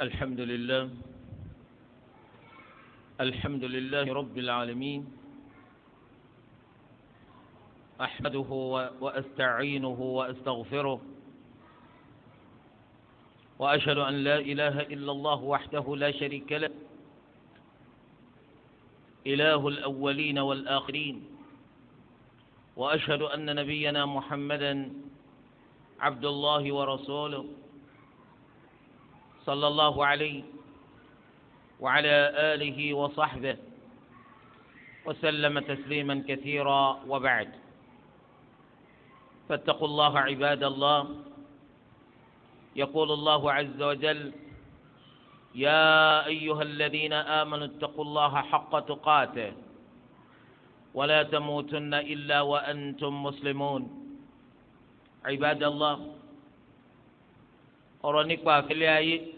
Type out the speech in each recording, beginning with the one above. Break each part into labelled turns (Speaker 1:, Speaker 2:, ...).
Speaker 1: الحمد لله الحمد لله رب العالمين أحمده وأستعينه وأستغفره وأشهد أن لا إله إلا الله وحده لا شريك له إله الأولين والآخرين وأشهد أن نبينا محمدا عبد الله ورسوله صلى الله عليه وعلى آله وصحبه وسلم تسليما كثيرا وبعد فاتقوا الله عباد الله يقول الله عز وجل يا أيها الذين آمنوا اتقوا الله حق تقاته ولا تموتن إلا وأنتم مسلمون عباد الله أرنيك في الآية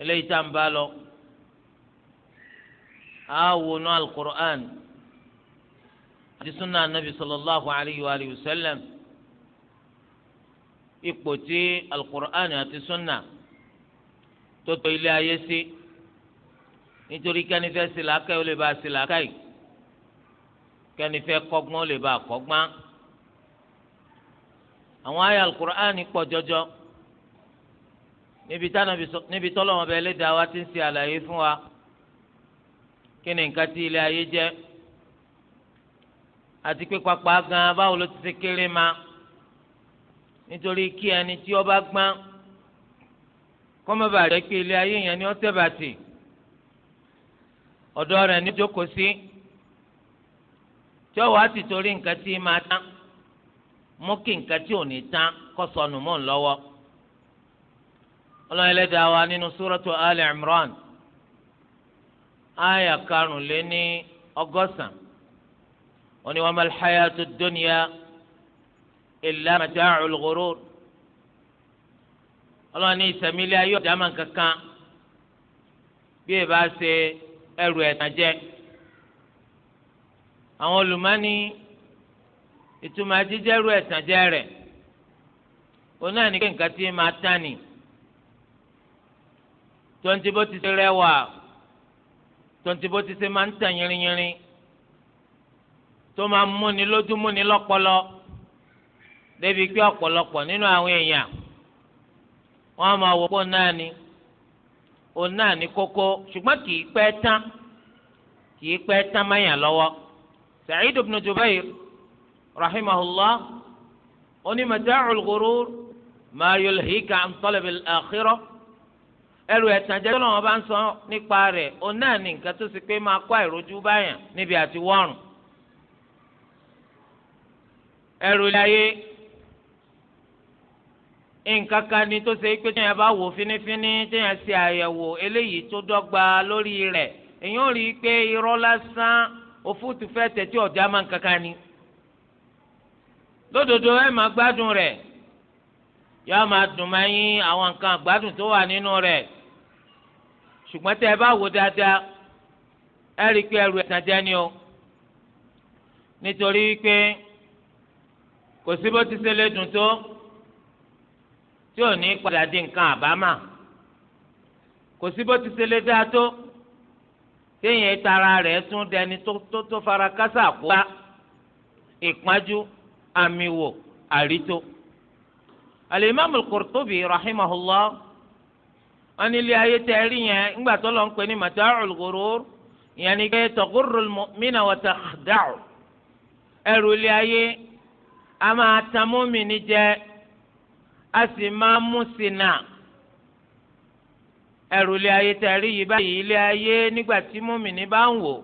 Speaker 1: eléyìí tá à ń bá lọ àwòrán alukur'an àti sunna anabi sallallahu alayhi wa sallam ipò tí alukur'an àti sunna tó tó ilé ayé sí nítorí kẹ́nifẹ́ sílàkà ó lè bá sílàkà yìí kẹ́nifẹ́ kọ́gbọ́n ó lè bá kọ́gbọ́n àwọn àyá alukur'an pọ̀ jọjọ níbi tá níbi tọ́lọ́ wọn bẹ ẹlẹ́dàá wa ti ń ṣe àlàyé fún wa kí ni nǹkan tí ilé ayé jẹ́ àti pé pápá gan báwo ló ti ṣe kéré ma nítorí kí ẹni tí ó gbọ́n kọ́mọ́bà rẹ̀ pé ilé ayé yẹn ni ó tẹ̀ bàtì ọ̀dọ́ rẹ̀ ní jókòó sí tí ọwọ́ á ti torí nǹkan tí máa tán mú kí nǹkan tí ò ní tán kó sọnù mọ́ ń lọ́wọ́ ọlọ́run ẹlẹ́dàá wa nínú súrọ́tù ali imran aya karùnléní ọgọ́sàn ó ní wa mal hayatu dunya illa mata'ul ghurur ọlọ́run ní ìsẹ̀mílẹ̀ ayé ọ̀dà máa kankan bí ẹ bá ṣe ẹrù ẹ̀tàn jẹ àwọn olùmọ́ni ìtumọ̀ jíjẹ́rù ẹ̀tàn jẹ rẹ̀ òun náà ní kí nǹkan tí máa tán ni tonti bó ti ṣe rẹwà tonti bó ti ṣe máa ń tàn yìnrìnyìnrìn tó máa ń múni lójú múni lọ́pọlọ débi pé ọ̀pọ̀lọpọ̀ nínú àwọn èèyàn wọ́n máa wò pé òun náà ni òun náà ni kókó ṣùgbọ́n kì í pẹ́ tán kì í pẹ́ tán máyà lọ́wọ́ Sa'id ibn Jubair rahimahullah oní mata'ul ghurur ma yulhika an talab al-akhirah. ẹrù ẹ̀tàn jẹ́ tọ́lọ́wọ́n bá ń sọ nípa rẹ̀ òun náà ní nǹkan tó ṣe pé máa kó àìrójú báyàn níbi àti wọ́rùn. ẹrù ilé ayé nǹkan kan ni tó ṣe pé téèyàn bá wò fínífíní téèyàn ṣe àyẹ̀wò eléyìí tó dọ́gba lórí rẹ̀ èèyàn rí i pé irọ́ lásán òfútu fẹ́ tẹ̀tí ọ̀dà máa ń kankan ni. lódodo ẹ máa gbádùn rẹ̀ yóò máa dùn máa yín àwọn nǹkan tó wà nínú rẹ̀ ṣùgbọ́n tẹ́ ẹ bá wò dáadáa ẹ rí i pé ẹrù ẹ̀tàn jẹ́ ni o nítorí pé kò sí bó ti ṣe lè dùn tó tí ò ní padà di nǹkan àbámà kò sí bó ti ṣe lè dáa tó téèyàn tara rẹ̀ tún dẹni tó fara kásá kóra ìpájú àmì àrító. Al-Imam Al-Qurtubi rahimahullah. wọn ní ayé tẹ yẹn ńgbà tó lọ ń pè ní mata'ul ghurur ìyẹn ni pé taghurrul mu'mina ẹrù ilé ayé a máa jẹ a sì máa mú ṣìnà ẹrù ilé ayé tẹ yìí báyìí ilé ayé nígbà tí mọ́mìnì bá ń wò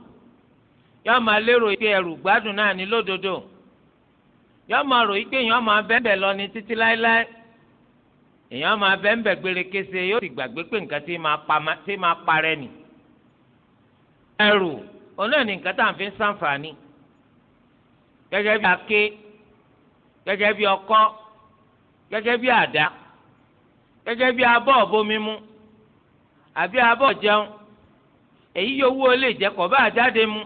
Speaker 1: máa lérò ẹrù gbádùn náà ní lódodo máa rò lọ ní títí láéláé. èèyàn máa bẹ́ẹ̀ ń bẹ̀ gbére kése yóò sì gbàgbé pé nǹkan tí máa pa tí máa parẹ́ nì. ẹrù ọ̀nà ní nǹkan tá à ń fi ṣàǹfààní gẹ́gẹ́ bí aké gẹ́gẹ́ bí ọkọ́ gẹ́gẹ́ bí àdá gẹ́gẹ́ bí abọ́ ọ̀bọmímú àbí abọ́ jẹun èyí yòówù ó lè jẹ́ kọ̀ bá àjáde mu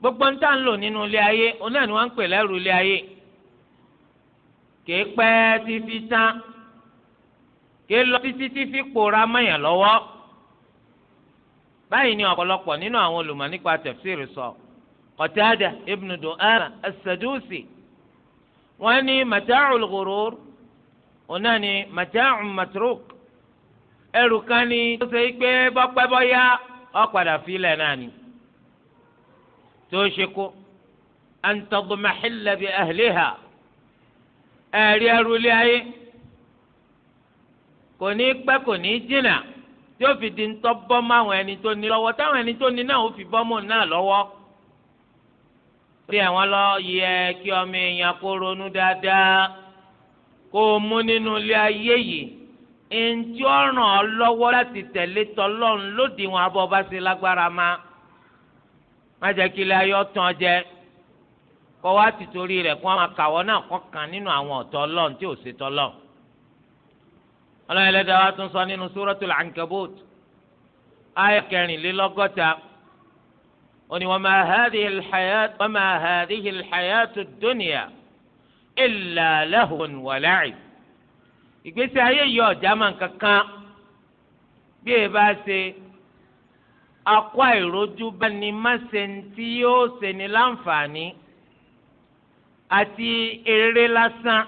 Speaker 1: gbogbo ń tà ń lò nínú ilé ayé ọ̀nà ni wọ́n ń pè lẹ́rù ilé ayé kéèpẹ́ ti fi tán ké lọ títí tí fi kpòrá mẹyàn lọ́wọ́ báyìí ni ọ̀pọ̀lọpọ̀ nínú àwọn olùmọ̀ nípa tafsir sọ Qatada ibn Du'ama as-Sadusi wọ́n ní mata'ul ghurur ọ̀nà ni mata'un matruk ẹrù kan ní tó ṣe pé bọ́pẹ́ bọ́yá ó padà náà ni tó ṣe kó an tadmahilla bi ahliha ẹ̀rí ẹrù lé ayé. kò ní pẹ́ kò ní jìnnà tí ó fi di ńtọ́ ẹni tó ní lọ́wọ́ táwọn ẹni tó ní náà ó fi bọ́ náà lọ́wọ́. orí àwọn lọ yẹ kí ọmọ èèyàn kó ronú dáadáa kó o mú nínú ilé ayé yìí ẹnjẹ lọ́wọ́ láti tẹ̀lé abọ bá ṣe lágbára ma má kí ilé ayé ọtàn jẹ kọ ọlọ́run ẹlẹ́dàá wa tún sọ nínú suratul ankabut ayé kẹrìnlélọ́gọ́ta ó ní wa ma hadhihi alhayat wa ma hadhihi alhayatu ad-dunya illa lahun wa la'ib ìgbésí ayé yìí ọ̀já máa ń kankan bí e bá ṣe akọ àìrójú bá ní máṣe yóò ṣe ní láǹfààní àti eré lásán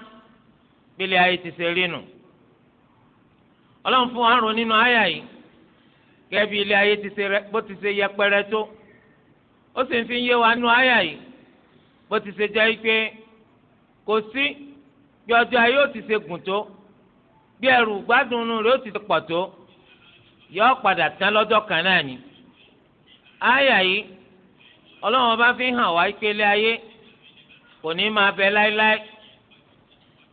Speaker 1: bí ayé ti ṣe rí nù ọlọ́run fún àrùn nínú àyà yìí gẹ́gẹ́ bí ilé ayé bó ti ṣe yẹpẹrẹ tó ó sì ń fi yé wa nínú àyà yìí bó ti ṣe jẹ́ pé kò sí bí ọjọ́ ayé ó ti ṣe gùn tó bí ẹrù gbádùn rẹ̀ ó ti pọ̀ tó yọ padà tán lọ́jọ́ kan náà ni àyà yìí ọlọ́run ọba fi hàn wá pé ilé ayé kò ní máa bẹ láéláé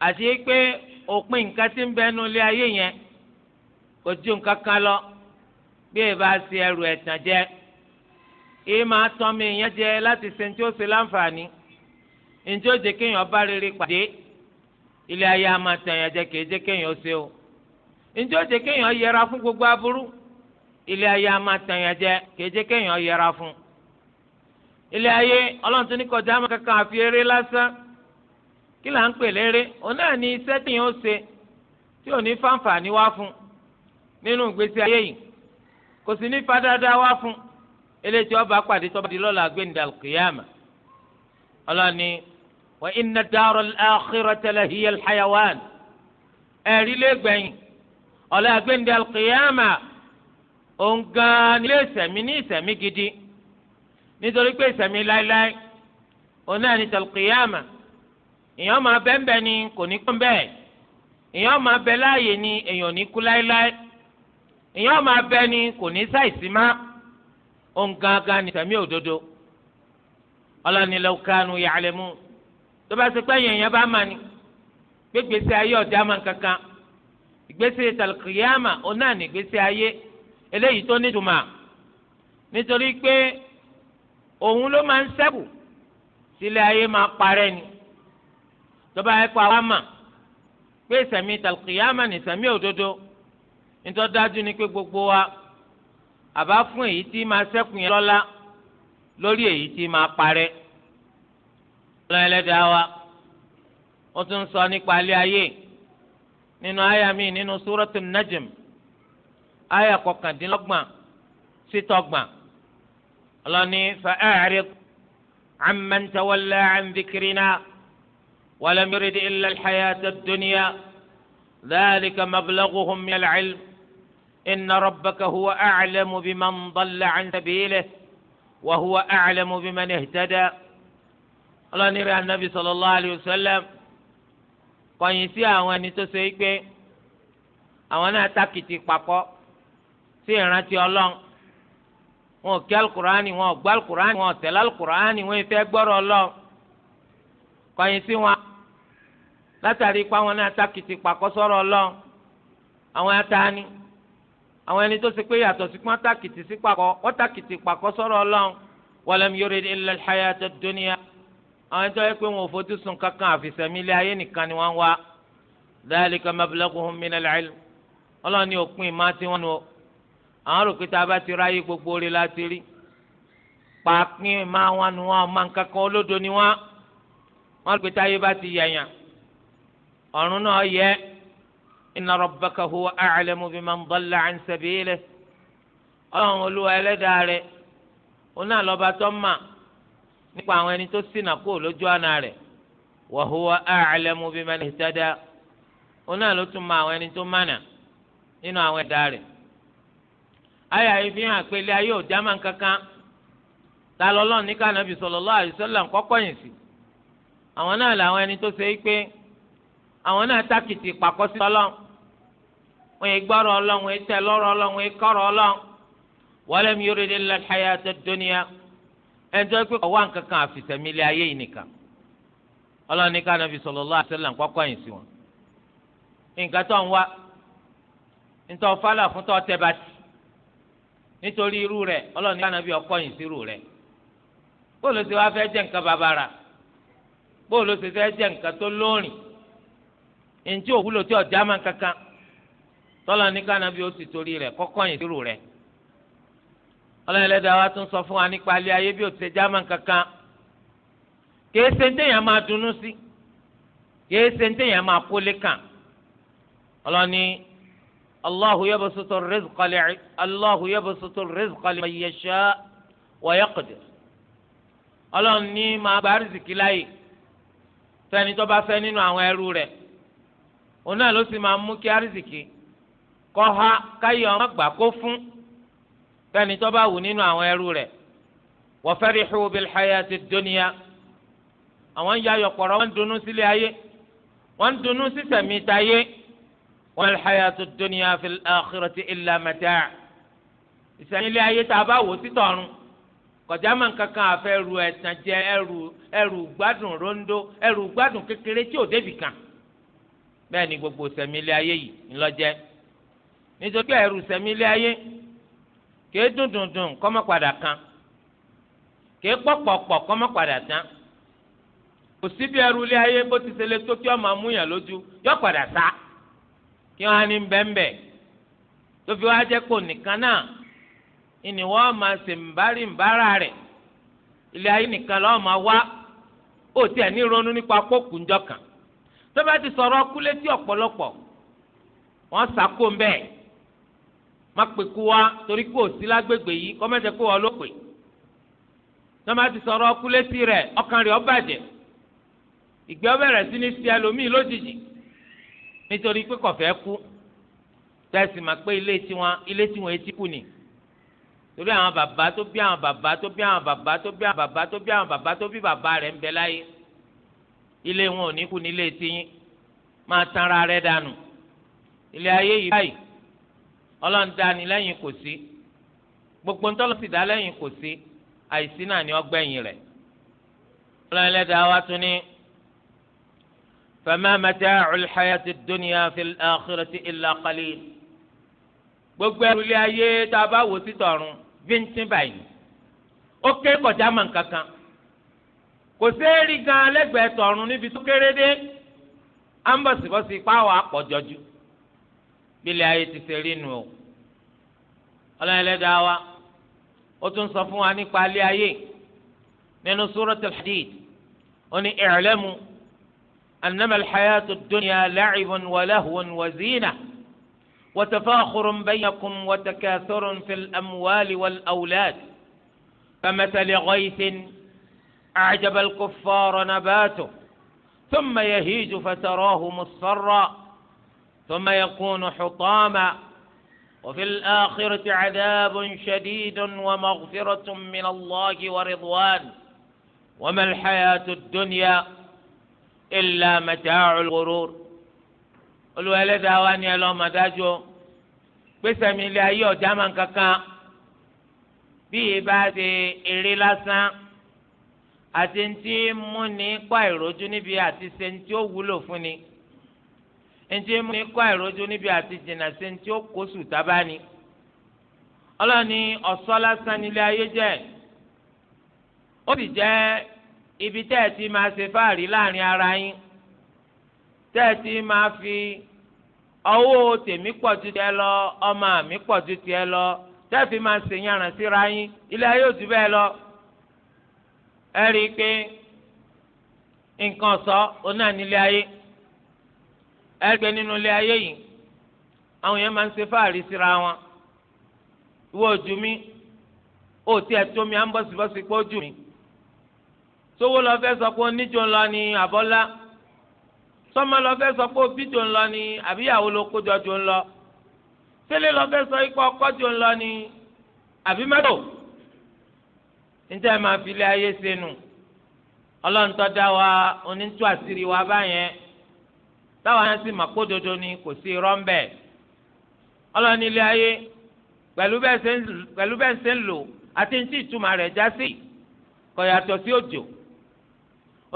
Speaker 1: àti pé òpin nǹkan tí ń bẹ nu ilé ayé yẹn. Ojú kankan lọ bí ẹ bá ṣe ẹrù ẹ̀tàn jẹ èyí máa tán mi ìyẹn jẹ láti ṣe tí ó ṣe láǹfààní ní, ó jẹ́ kéèyàn bá rere pàdé ilé ayé a jẹ kéèyàn ṣe o kéèyàn yẹra fún gbogbo aburú ilé ayé a máa tàn yàn jẹ kéèyàn yẹra fún ilé ayé ọlọ́run tó ní kọjá máa kankan àfi eré lásán kí là ń pè òun náà nínú ìgbésí ayé yìí kò sì ní fadáadáa wá fún eléyìí tí wọn bá pàdé tó bá di lọ́la gbẹ̀ndà kìyàmà ọlọ́ni wa inna dara al-akhirata lahiya al-hayawan ẹ̀rí lé gbẹ̀yìn ọ̀la gbẹ̀ndà kìyàmà òun gan-an ní ilé ìsẹ̀mí ní ìsẹ̀mí gidi nítorí pé ìsẹ̀mí láéláé òun náà ní tàlùkìyàmà èèyàn máa bẹ́ẹ̀ bẹ́ẹ̀ ni kò ní kún bẹ́ẹ̀ èèyàn máa bẹ láàyè ni èèyàn ò ní kú láéláé ìyẹn ọmọ abẹ ni kò ní sáìsì má òun gángan ní sẹmí òdodo ọlọ́ni law kanu ya'lamun tó bá ṣe pé yẹn yẹn bá mà ní gbégbèsè ayé ọ̀dà máa kankan ìgbésí tàlùkìyàmà ọ̀nà ní ìgbésí ayé eléyìí tó nítumọ̀ nítorí pé òun ló máa ń ṣẹ́kù sílé ayé máa parẹ́ ni tó bá yẹ kó àwa mà pé sẹ̀mí tàlùkìyàmà ní sẹ̀mí òdodo. nítorí dájú ni pé gbogbo wa àbá fún èyí tí máa ṣẹ́kù yẹn lọ́lá lórí èyí tí máa parẹ́ lọ́la ẹlẹ́dàá wa ó tún sọ nípa alẹ́ ayé nínú àyà mi nínú súrọ́tù nàjẹm àyà kọkàndínlọ́gbọ̀n sítọ́gbọ̀n ọlọ́ni fa'a'rid amman amẹ́ntẹ́ wọlé dhikrina wa lam yurid illa al-hayata ad-dunya dhalika mablaghuhum min al-'ilm. إن ربك هو أعلم بمن ضل عن سبيله وهو أعلم بمن اهتدى الله نرى النبي صلى الله عليه وسلم kọ̀yìn sí àwọn ẹni tó ṣe pé àwọn náà takìtì papọ̀ sí ìrántí ọlọ́run wọn ò kí alukuraani wọn ò gbọ́ alukuraani wọn ò tẹ̀lé alukuraani wọn ìfẹ́ gbọ́rọ̀ ọlọ́run kọ̀yìn sí wọn látàrí pé àwọn náà takìtì papọ̀ sọ̀rọ̀ àwọn ata ni àwọn ẹni tó ṣe pé yàtọ̀ sí pọ́n tákìtì sí pàkọ́ wọ́n tákìtì pàkọ́ sọ̀rọ̀ ọlọ́run walam yurid illa al-hayata ad-dunya àwọn ẹni tó yẹ pé wọn ò fojú sùn kankan àfìsẹ́mílẹ̀ ayé nìkan ni wọ́n wá dhalika mablaghuhum min al-ilm ọlọ́run ní òpin ìmá tí wọ́n nu o àwọn rò tá a bá ti ráyè gbogbo orí la rí pàápín ìmá wọn nu wọn ọmọ nǹkan olódo ni wọn wọn rò pé táyé bá ti yẹ̀yàn ọ̀run náà yẹ إن ربك هو أعلم بمن ضل عن سبيله ọlọ́run olúwa ẹlẹ́dàá rẹ̀ òun náà lọ́ba tó mà nípa huwa a'lamu biman ihtada òun náà ló tún mọ àwọn ẹni tó mànà nínú àwọn ẹ̀dá rẹ̀. ayé àyè fi hàn pé ilé ayé ò já máa ń kankan ta lọ́lọ́ ní ká nàbì sallallahu pé àwọn náà tákìtì onye yìí gbọ́rọ̀ ọlọ́run wọn yìí tẹ lọ́rọ̀ ọlọ́run wọn yìí kọ́rọ̀ ọlọ́run hayata dunya ẹjọ́ pé ọwọ́ nǹkankan àfìsẹ́mílẹ̀ ayé yìí nìkan ọlọ́run ní ká nàbì sallallahu alaihi wasallam kọ́kọ́ yìí sí wọn. nǹkan tó ń wá nítorí fálà fún tó tẹ bá ti nítorí irú rẹ̀ ọlọ́run ní ká nàbì ọkọ́ yìí sí irú rẹ̀ bóòlù ti wá fẹ́ jẹ́ nǹkan bàbàrà tọ́lá ní kánábí ó sì torí rẹ̀ kọ́kọ́ yìí dúró rẹ̀ wa tún sọ fún wa nípa alẹ́ ayé bí ó ti kankan kìí ṣe téèyàn máa dunnú sí kìí ṣe téèyàn máa kólé kàn ọlọ́ni allahu yabsutu ar-rizqa li allahu yabsutu ar kọ́ ha káyọ̀ ọmọ gbà kó fún fẹ́ni tó bá wù nínú àwọn ẹrú rẹ̀ wa farihu bil hayati dunya àwọn ń yayọ̀ pọ̀rọ̀ wọ́n ń dunnú sílé ayé wọ́n ń dunnú sí sẹ̀mí tayé wal hayatu dunya fil akhirati illa mata' ìsẹ̀mí ilé ayé tá a bá wò títọ̀run kọjá máa kankan àfẹ́ ẹrù ẹ̀tàn jẹ ẹrù ẹrù gbádùn rondo ẹrù gbádùn kékeré tí ò débì kan bẹ́ẹ̀ ni gbogbo sẹ̀mí ayé yìí ńlọ́jẹ́ nítorí ẹrù sẹ̀mí ilé ayé kéé dùn dùn kan kéé pọpọpọ kọ́mọ́ tán kò sí bí ẹrù ilé ayé bó ti ṣe tó kí ọmọ amúyàn lójú yọ padà sá kí wọn á ní bẹ́ẹ̀nbẹ́ẹ̀ tó fi wá jẹ́ kó nìkan náà wá ó tiẹ̀ ní ronú nípa tó ti sọ̀rọ̀ ọ̀pọ̀lọpọ̀ wọ́n sàkó má pè kú wa torí kó o sí lágbègbè yìí kọ́ mẹ́tẹ̀ kó o ló pè tọ́mọ ti sọ̀rọ̀ ọkúlẹ́sì rẹ̀ ọkàn rẹ̀ ọbàjẹ́ ìgbẹ́ ọbẹ̀rẹ̀ sí ní sí ẹlòmíì lójijì nítorí pé kọ̀fẹ́ kú tẹ̀sí ma pé ilé tiwọn ilé tiwọn etí kù ni torí àwọn bàbá tó bí àwọn bàbá tó bí àwọn bàbá tó bí àwọn bàbá tó bí àwọn bàbá tó bí bàbá rẹ̀ ń bẹ láyé ilé wọn ò ní kú ní ilé tiyín máa tanra rẹ̀ dànù ilé ayé yìí báyìí ọlọ́run dá ni lẹ́yìn kò sí gbogbo ntọ́lọ́sì dá lẹ́yìn kò sí àìsí náà ni ọgbẹ́yìn rẹ̀ ọlọ́run ẹlẹ́dàá wa tún ní fama mata'ul hayati dunya fil akhirati illa qalil gbogbo ẹrù ilé ayé tá a bá wò sí tọ̀run bíntín báyìí ó ké kọjá mọ̀ nkankan kò séèrí gan lẹ́gbẹ̀ẹ́ tọ̀run níbi tó kéré dé à ń bọ̀ bílẹ̀ ayé ti ṣe rí nu o ọlọ́run ẹlẹ́dàá wa ó tún sọ fún wa nípa alẹ́ ayé nínú suratul hadid ó ní i'lamu annama alhayatu dunya la'ibun wa lahwun wa zina wa tafakhurun baynakum wa takathurun fil amwali wal awlad kamathali ghaythin a'jaba al-kuffara nabatuhu thumma yahiju fatarahu ثم يكون حطاما وفي الآخرة عذاب شديد ومغفرة من الله ورضوان وما الحياة الدنيا إلا متاع الغرور الولد أواني اللهم داجو بسم الله يو جامن كاكا bí ibà ṣe eré lásán àti ntí múni pa ìrojú níbi ẹnití ẹ mú ní kọ́ àìrójú níbi àti jìnnà sí ní n'i ó kó sùtá bá je ọlọ́ni ọ̀ṣọ́ lásán ibi tẹ́ ẹ ti máa ṣe ara yín tẹ́ ẹ fi ọwọ́ tèmi pọ̀ ju tiẹ̀ lọ ọmọ mi pọ̀ ju se lọ tẹ́ ẹ fi máa ṣe yànrán síra yín ilé ayé lọ. ẹgbẹ́ nínú ilé ayé yìí àwọn yẹn máa ń ṣe fáàrí síra wọn ìwọ ojú mi ó tiẹ̀ tó mi à ń bọ̀sibọ̀si pé ojú mi sówó lọ fẹ́ sọ pé oníjó ńlọ ni àbọ́lá sọmọ lọ fẹ́ sọ pé òbíjó ńlọ ni àbíyàwó ló kójọ jò ńlọ tẹ́lẹ̀ lọ fẹ́ sọ ikú ọkọ́jọ ńlọ ni àbí mẹ́tò níta ẹ̀ máa fi ilé ayé sẹ́nu ọlọ́run tó dá wa onítúwàsírí wa báyẹn. táwọn náà sì mà kó dodo ni kò sí irọ́ ń bẹ̀. ọlọ́ni ilé ayé pẹ̀lú bẹ́ẹ̀ ṣe ń lò àti ní tí rẹ̀ já sí kò sí òjò.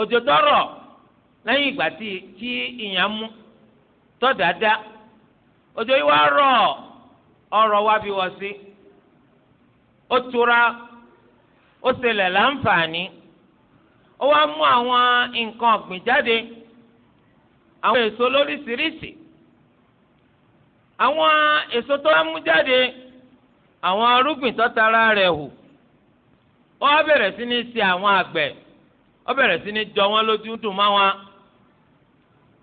Speaker 1: òjò tọrọ lẹ́yìn ìgbà tí ìyàn mú tọ́ dáadáa òjò yìí wá rọ̀ ọrọ̀ wá bí wọ́n sí. ó àwọn nǹkan ọ̀gbìn àwọn èso lóríṣiríṣi àwọn èso tó wá mú jáde àwọn arúgbìn tó tara rẹ̀ hù wọ́n bẹ̀rẹ̀ sí ní ṣe àwọn àgbẹ̀ wọ́n bẹ̀rẹ̀ sí ní jọ wọ́n lójú dùn mọ́ wọn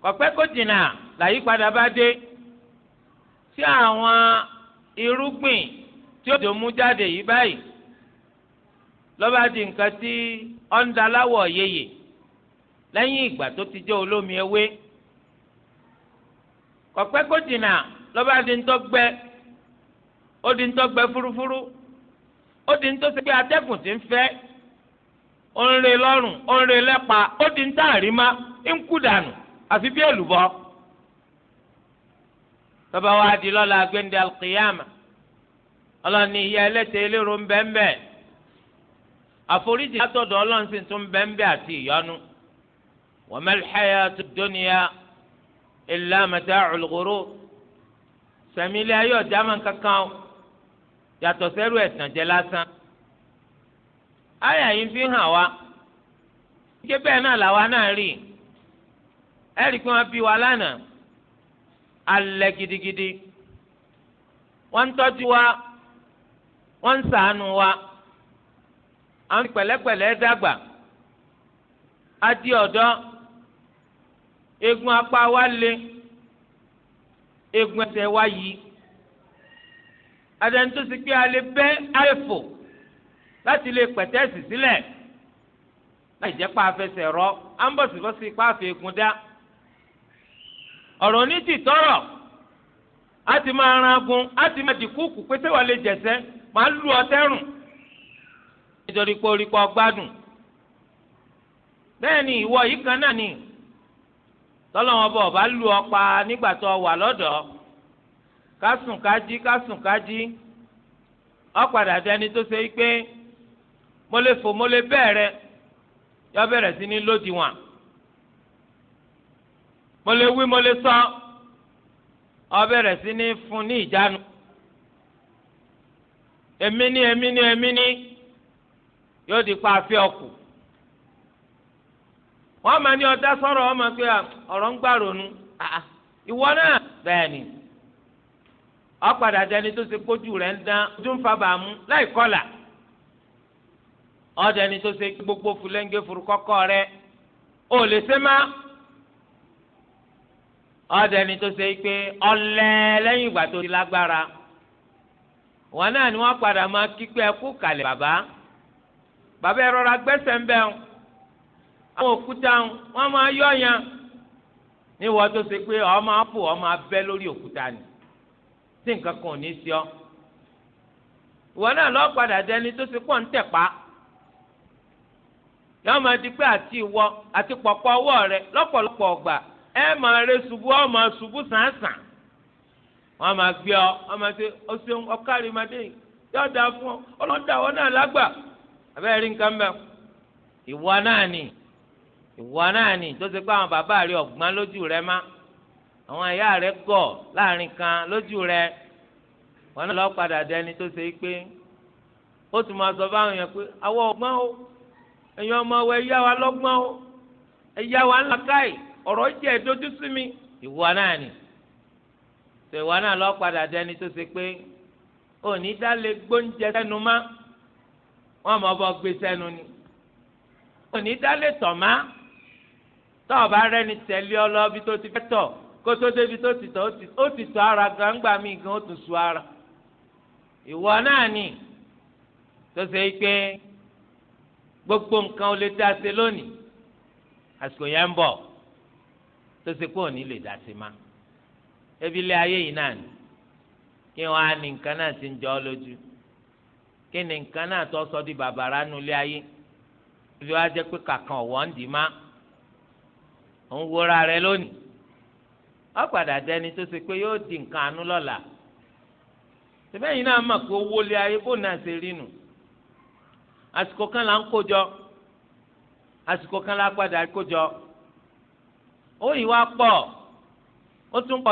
Speaker 1: kọ̀pẹ́ kò jìnnà làyípadà bá dé tí àwọn irúgbìn tí òjò mú jáde yìí báyìí lọ́ba di nǹkan tí ọ̀ndàláwọ̀ yeye lẹ́yìn ìgbà tó ti jẹ́ olómi ewé. ọ̀pẹ́ kò jìnnà lọ́ba di ń tọ́gbẹ́ ó di ń tọ́gbẹ́ ó di ń tó ṣe atẹ́kùn ti ń fẹ́ ó ń re lọ́rùn ó ń re lẹ́pa ó di ń dànù àfi bí èlùbọ́ alqiyama ọlọ́ni ìyá ẹlẹ́tẹ̀ẹ́ ń àforíjì látọ̀dọ̀ ọlọ́run sì tún àti ìyọnu illa mata'ul ghurur sẹ̀mí ilé ayé kankan o sẹ́rù ẹ̀sán jẹ́ fi hàn wá ike bẹ́ẹ̀ náà náà rí wọ́n wa wọ́n wa wọ́n ń wa àwọn pẹ̀lẹ́pẹ̀lẹ́ dàgbà á di egun apá wa le egun ẹsẹ̀ wa yi adẹni tó ti pé alẹ bẹ alẹ láti lè pẹ̀tẹ́sì sílẹ̀ láì jẹ́ pa afẹsẹ̀ rọ à ń sí pa àfẹ́gun dá ọ̀rọ̀ ní ti tọrọ a ti máa ran agun a ti máa dìkúùkù pé sẹ́wà lè jẹ̀sẹ́ màá lu ọtẹ́rùn nítorí pé orí kọ́ gbádùn bẹ́ẹ̀ ìwọ yìí kan náà ni tọ́lọ́wọ́n bọ̀ bá lu ọ̀pá nígbà tó wà lọ́dọ̀ kásùn kájí kásùn kájí ọ̀padà dẹni tó ṣe pé mo lè fò mo lè bẹ̀rẹ̀ yọ bẹ̀rẹ̀ sí ní lódiwọ̀n mo lè wí mo lè sọ ọ bẹ̀rẹ̀ sí ní fún ní ìjánu èmi ní èmi ní èmi ní yóò di pa afẹ́ ọkù wọ́n máa ní ọ̀dá sọ̀rọ̀ ọmọ pé ọrọ ń gbà ronú ìwọ náà bẹ́ẹ̀ ni ọ̀padà dẹni tó ṣe kójú rẹ̀ ń dán ojú ń fa bàmú láì kọ́là ọ̀dẹni tó ṣe gbogbo fúlẹ́ńgé furukọ́kọ́ rẹ̀ ò lè ṣe má ọ̀dẹni tó ṣe pé ọ̀lẹ lẹ́yìn ìgbà tó ti lágbára wọn náà ni wọ́n padà máa kí pé ẹ kú kalẹ̀ bàbá bàbá ẹ rọra gbẹ́sẹ̀ ń bẹ́ẹ̀ àwọn òkúta wọn máa yọ yan níwọ tó ṣe pé ọmọ ma ọmọ abẹ lórí òkúta ni tí nǹkan kan ò ọ ìwọ náà lọ padà dẹni tó ṣe pọ̀ ń tẹ̀pa yọọ máa di pé àti ìwọ àti rẹ lọ́pọ̀lọpọ̀ ọgbà ẹ máa rẹ ṣubú ọ máa ṣubú sàǹsàn wọn máa gbé ọ fún ọ ọlọ́dà ọ náà lágbà rí nǹkan ìwọ ìwọ náà ni tó ṣe pé àwọn bàbá rẹ ọ̀gbọ́n lójú rẹ má àwọn ìyá rẹ gọ̀ láàrin kan lójú rẹ wọn náà lọ padà dẹni tó ṣe pé ó tún máa sọ fáwọn èèyàn pé àwọn ọgbọ́n o èèyàn ọmọ wa ẹ̀yà wa lọ́gbọ́n o ẹ̀yà wa ńlá káì ọ̀rọ̀ jẹ́ dojú sí mi ìwọ náà ni tó ìwọ náà lọ padà dẹni tó ṣe pé òní dá lè gbóúnjẹ sẹ́nu má wọn mọ̀ bọ́ gbé sẹ́nu ni òní dá lè má tọ́ọ̀ bá rẹ́ni tẹ̀lé ọ lọ bí tó ti fẹ́ tọ̀ kó tó débi tó ti tọ̀ ó ti tọ̀ ara gbangba mi gan ó tún su ara ìwọ náà nì tó ṣe é pé gbogbo nǹkan ò lè dá ṣe lónìí àsìkò yẹn ń bọ̀ tó ṣe pé òní lè dá ṣe má ebi ilé ayé yìí náà ni kí wọn á ní nǹkan náà ti ń jọ ọ lójú kí ni nǹkan náà tó sọ di bàbàrà nulẹ̀ ayé ibi wá jẹ́ pé kàkan ọ̀wọ́ ń dì má. òun wúra rẹ lónìí ọ padà dẹni tó ṣe pé yóò di nǹkan àánú lọ́la tẹ́fẹ̀yìn náà mọ̀ pé owó lé ayé bó náà ṣe rí nù àsìkò kan là àsìkò kan là padà kójọ ó yìí wá ó tún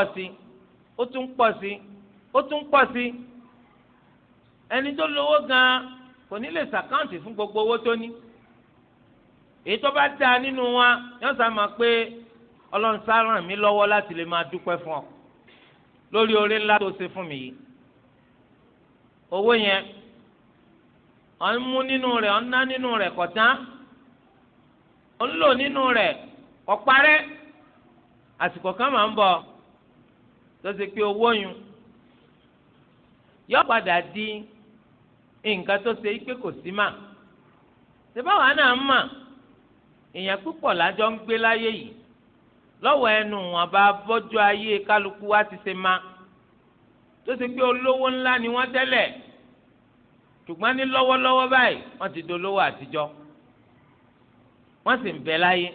Speaker 1: sí ẹni tó lówó gan-an kò ní lè ṣàkáǹtì fún gbogbo owó tó ní èyí tó bá dáa nínú wa yóò sá máa pé ọlọ́run sá ràn mí lọ́wọ́ láti lè máa dúpẹ́ fún ọ lórí oore ńlá tó ṣe fún mi yìí owó yẹn ọ̀ ń mú nínú rẹ̀ ọ̀ ń ná nínú rẹ̀ kọ̀tán ọ̀ ń lò nínú rẹ̀ ọ̀parẹ́ àsìkò kan máa ń bọ̀ tó ṣe pé owó yun yọ padà di nǹkan tó ṣe pé kò sí mà ṣe báwa náà ń mà èèyàn púpọ̀ lájọ ń gbé láyé yìí lọ́wọ́ ẹnu wọn bá bọ́jú ayé kálukú wá ti ṣe ma tó ṣe pé olówó ńlá ni wọ́n tẹ́lẹ̀ ṣùgbọ́n ní lọ́wọ́lọ́wọ́ báyìí wọ́n ti dolówó àtijọ́ wọ́n sì ń bẹ láyé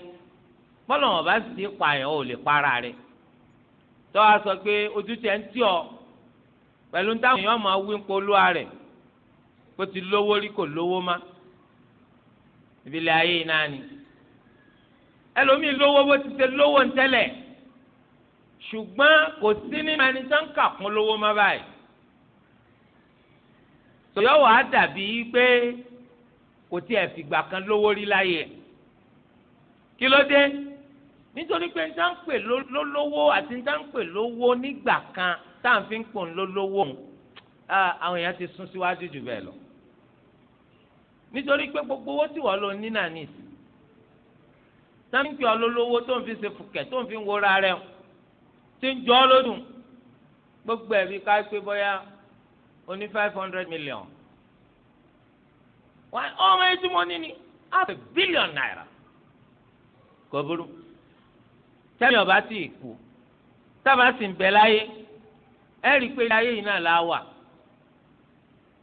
Speaker 1: bọ́lá wọn bá sì pààyàn ò lè para rẹ̀ tó a sọ pé ojú tẹ̀ ń tì ọ́ pẹ̀lú táwọn èèyàn máa wí ń polúwa rẹ̀ kó ti lówó rí kò lówó má ìbílẹ̀ ayé náà ni ẹlòmíì lówó bó ti ṣe lówó ń tẹ́lẹ̀ ṣùgbọ́n kò sí nínú ẹni tó ń kà fún lówó má báyìí sọyọ́ wàá dàbí pé kò tiẹ̀ fìgbà kan lówó rí láyé kí ló dé nítorí pé ní táwọn pè lólówó àti ní táwọn pè lówó nígbà kan táwọn fi ń pò ń lólówó àwọn èèyàn ti sún síwájú jù bẹ́ẹ̀ lọ nítorí pé gbogbo owó tí wọ́n lò ní nàní sí sáńkì ọlọ́lọ́wọ́ tó ń fi ṣe fùkẹ́ tó ń fi wọra rẹ̀ ti ń jọ́ lódùn gbogbo ẹ̀mí ká pé bọ́yá o ní five hundred million wọ́n ọmọ ẹtí mo ní ni half a billion naira kò burú tẹ́mi ọba ti kú tábà sì ń bẹ láyé ẹ rí i pé láyé yìí náà la wà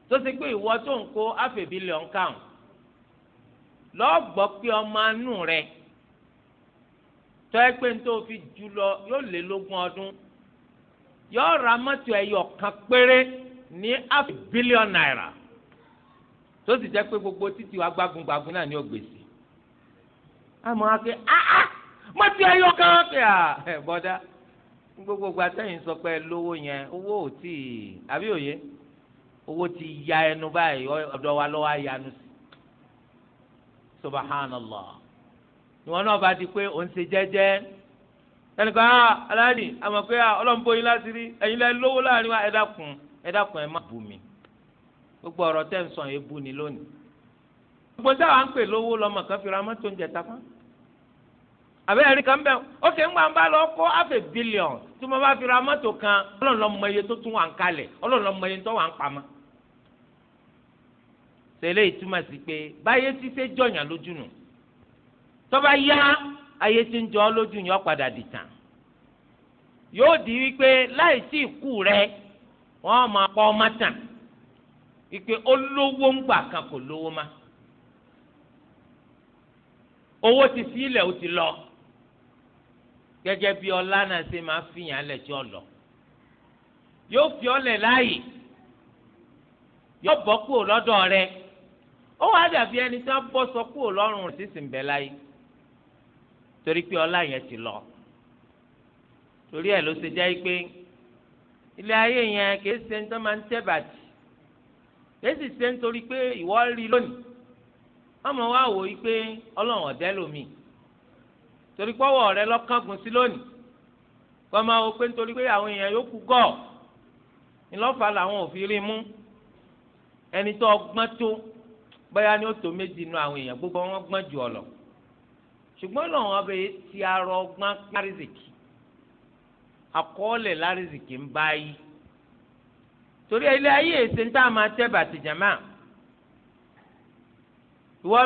Speaker 1: tó ṣe pé ìwọ tó ń kó half a billion count lọ́ọ́ gbọ́ pé ọmọ anú rẹ̀ tọ́yẹ pé ní tó fi jù lọ yóò lé lógún ọdún yóò ra mọ́tò ẹyọ kan péré ní half billion naira tó sì jẹ́ pé gbogbo titi wa gbágun gbágun náà ni ó gbèsè àmọ́ akẹ́ ah, ah mọ́tò ẹyọ kan pé à ah, ẹ̀ bọ́dá gbogbo gba owó tí ì àbí owó ti ya ẹnu báyìí wa lọ́wọ́ sí ìwọ náà bá di pé ò ń ṣe jẹ́jẹ́ ẹnìkan á ah, aláàdì àmọ́ pé ah, ọlọ́mùbó yín láti rí ẹ̀yin lẹ́yìn lówó láàrin wa ẹ dákun ẹ dákun ẹ má bù mí gbogbo ọ̀rọ̀ tẹ́ ń sọ yẹn bú ni lónìí gbogbo táwa ń pè lówó lọ́mọ kan fi ra mọ́tò oúnjẹ tapá àbẹ ẹ̀rí kan bẹ́ẹ̀ ókè ń gbà ń bá lọ kó àfẹ bílíọ̀n tí mo bá fi ra mọ́tò kan ọlọ́run lọ́mọ iye tó tún wà ń kalẹ̀ ọlọ́run lọ́mọ iye tó wà ń pamọ́ sẹ́lẹ̀ ìtumọ̀ sí pé báyé ti ṣe jọ̀yàn lójú nù tọba ya ayé tí ń jọ lójú yẹn padà dì yóò di wípé rẹ wọn máa ọmọ tàn wípé olówó ń gbà kan kò lówó má owó ti fi ilẹ̀ ti lọ gẹ́gẹ́ bí ọlá náà ṣe máa fìyàn lẹ̀ tí lọ yóò fi ọ lẹ̀ láàyè yóò bọ́ rẹ ó dàbí ẹni tí wọ́n bọ́ sọ kúrò lọ́rùn sísìn torí pé ọlá yẹn ti lọ torí ẹ̀ ló ṣe jẹ́ pé ilé ayé yẹn kìí ṣe nítorí máa ń tẹ́ bàtì kìí sì ṣe nítorí pé ìwọ rí lónìí ọmọ wa wò yí pé ọlọ́run ọ̀dẹ́ lomi torí pọ́wọ́ rẹ lọ́kàngùn sí lónìí kọ́ máa wo pé nítorí pé àwọn èèyàn yóò kú gọ́ọ̀ ńlọ́fà làwọn ò fi rí mú ẹni tó ọgbọ́n tó bóyá ni ó tó méjì nu àwọn èèyàn gbogbo wọn gbọ́n jù ọ lọ. ṣùgbọ́n lọ́wọ́ ọbẹ̀ ti arọ ọgbọ́n kárìzìkì àkọọ́lẹ̀ lárìzìkì ń bá yí torí ilé ayé èsè ń tá a máa tẹ́ bàtì jàmá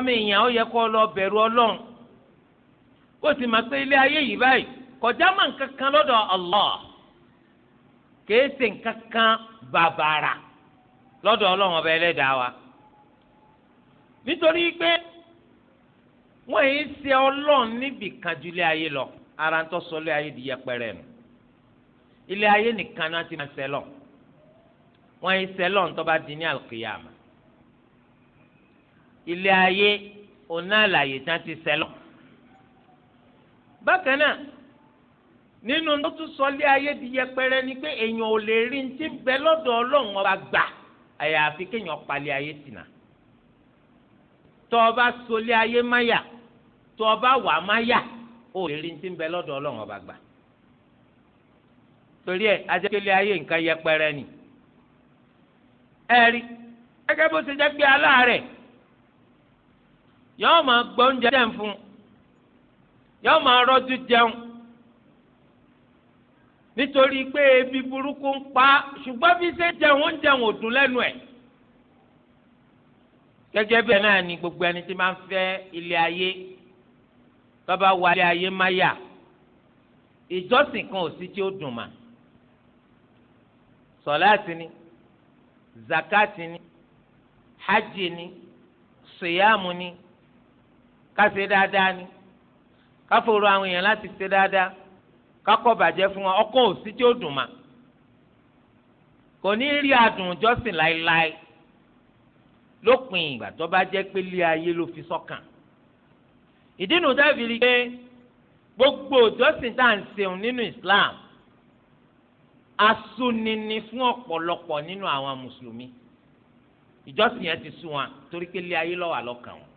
Speaker 1: mi ìyàn ó yẹ kó lọ bẹ̀rù ọlọ́run ó sì máa pé ilé ayé yìí báyìí kọjá ma nǹkan kan lọ́dọ̀ Allah kèé ṣe kan bàbàrà lọ́dọ̀ ọlọ́run ọba ẹlẹ́dàá wa nítorí pé wọ́n yìí ṣe ọlọ́run níbi kan ju ilé ayé lọ ara ń tọ́ sọ ayé di yẹpẹrẹ nù ilé ayé nìkan ni wọ́n ti máa ṣẹlọ̀ wọ́n yìí ṣẹlọ̀ ń tó bá di ní àlùkìyàmà ilé ayé oná àlàyé tí wọ́n ti bákan náà nínú tó tún sọ ilé ayé di yẹpẹrẹ ni pé èèyàn ò lè rí ní ti bẹ lọ́dọ̀ ọlọ́run ọba gbà àyàfi kéèyàn palẹ̀ ayé tì tọ́ ọ bá sọ ayé máyà. tó ọba wà má yà ó lè rí ti ń bẹ lọ́dọ̀ ọlọ́run ọba gbà torí ẹ ajẹkẹlẹ ayé nǹkan yẹpẹrẹ ni ẹ rí gẹ́gẹ́ bó ṣe jẹ pé yọọ máa gbọ́ oúnjẹ jẹun fún yọọ máa rọjú jẹun nítorí pé ebi burúkú ń pa ṣùgbọ́n bí ṣe jẹun oúnjẹ ò dùn lẹ́nu ẹ̀ náà ni gbogbo ẹni tí máa ń fẹ́ ilé ayé bàbá wálé ayé má yà ìjọsìn kan ò sí tí ó dùn mà sọláàtì ni zakati ni hajj ni siyamu ni kase dáadáa ni káfòrò àwọn èèyàn láti ṣe dáadáa kákọ́ bàjẹ́ fún wọn ọkàn ò sí tí ó dùn mà kò ní rí adùn jọ́sìn láéláé lópin ìgbà tó bá jẹ́ pé lé ayé ló fi sọ́kàn ìdí nu dábìí rí i pé gbogbo ìjọsìn tá à ń ṣeun nínú Islam asúnini fún ọ̀pọ̀lọpọ̀ nínú àwọn mùsùlùmí ìjọsìn yẹn ti sú wọn torí pé ilé ayé lọ́wọ́ àlọ́kàn wọn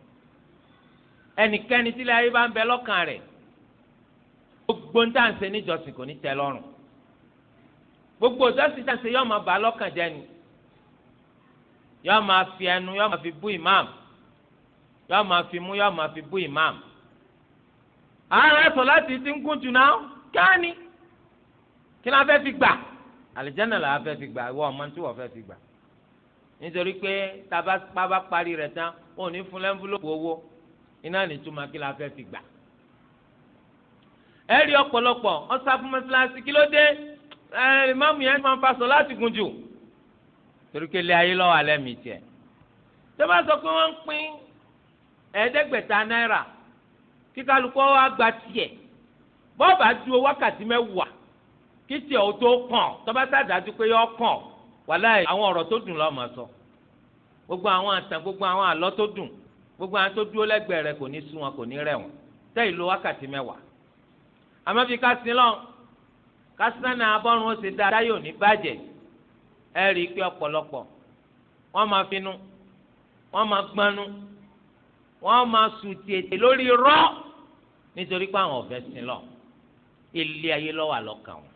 Speaker 1: ẹnikẹ́ni tí ilé ayé bá ń bẹ lọ́kàn rẹ̀ gbogbo ń tà ń ṣe níjọsìn kò ní tẹ́ lọ́rùn gbogbo ìjọsìn tà ń ṣe yóò máa bà lọ́kàn jẹ́ ni yóò máa fi ẹnu yóò máa fi bú ìmáàmù yóò máa fi mú yóò máa fi bú ìmáàmù ààrẹ sọ láti ti ń gùn jù náà káàní kí la fẹ́ fi gbà àlìjáná la fẹ́ fi gbà ìwọ ọmọ tí wọ́n fẹ́ fi gbà nítorí pé tábà bá parí rẹ̀ tán òun ní fún lẹ́ńfúlọ́pù owó iná nìtúmọ̀ kí la fẹ́ fi gbà ẹ̀rí ọ̀pọ̀lọpọ̀ ọ̀sá fún mọ́sálásí kí ló dé ìmáàmù yẹn máa ń fa sọ láti gùn torí pé ilé ayé lọ́wọ́ alẹ́ mi tiẹ̀ tó bá sọ pé wọ́n ń pín ẹ̀ẹ́dẹ́gbẹ̀ta náírà kí kálukú wa gba tiẹ̀ bọ́ọ̀bà dúró wákàtí mẹ́wàá kí tiẹ̀ ó tó kàn tọ́ba sàdájú pé yọ kàn wàláhì àwọn ọ̀rọ̀ tó dùn lọ́mọ sọ gbogbo àwọn àtàn gbogbo àwọn àlọ́ tó dùn gbogbo àwọn tó dúró lẹ́gbẹ̀ẹ́ rẹ̀ kò ní sú wọn kò ní rẹ̀ wọn tẹ́yìn lo wákàtí mẹ́wàá àmọ́ fi ká sin lọ́n náà abọ́run ó sì dá táyọ̀ ní bàjẹ́ ẹ rí i pé ọ̀pọ̀lọpọ̀ wọ́n máa finú wọ́n máa gbanú wọ́n máa sùn tètè lórí rọ́ọ̀ nítorí pé àwọn ọ̀fẹ́ sin lọ ilé ayé lọ́wọ́ àlọ́kàn wọn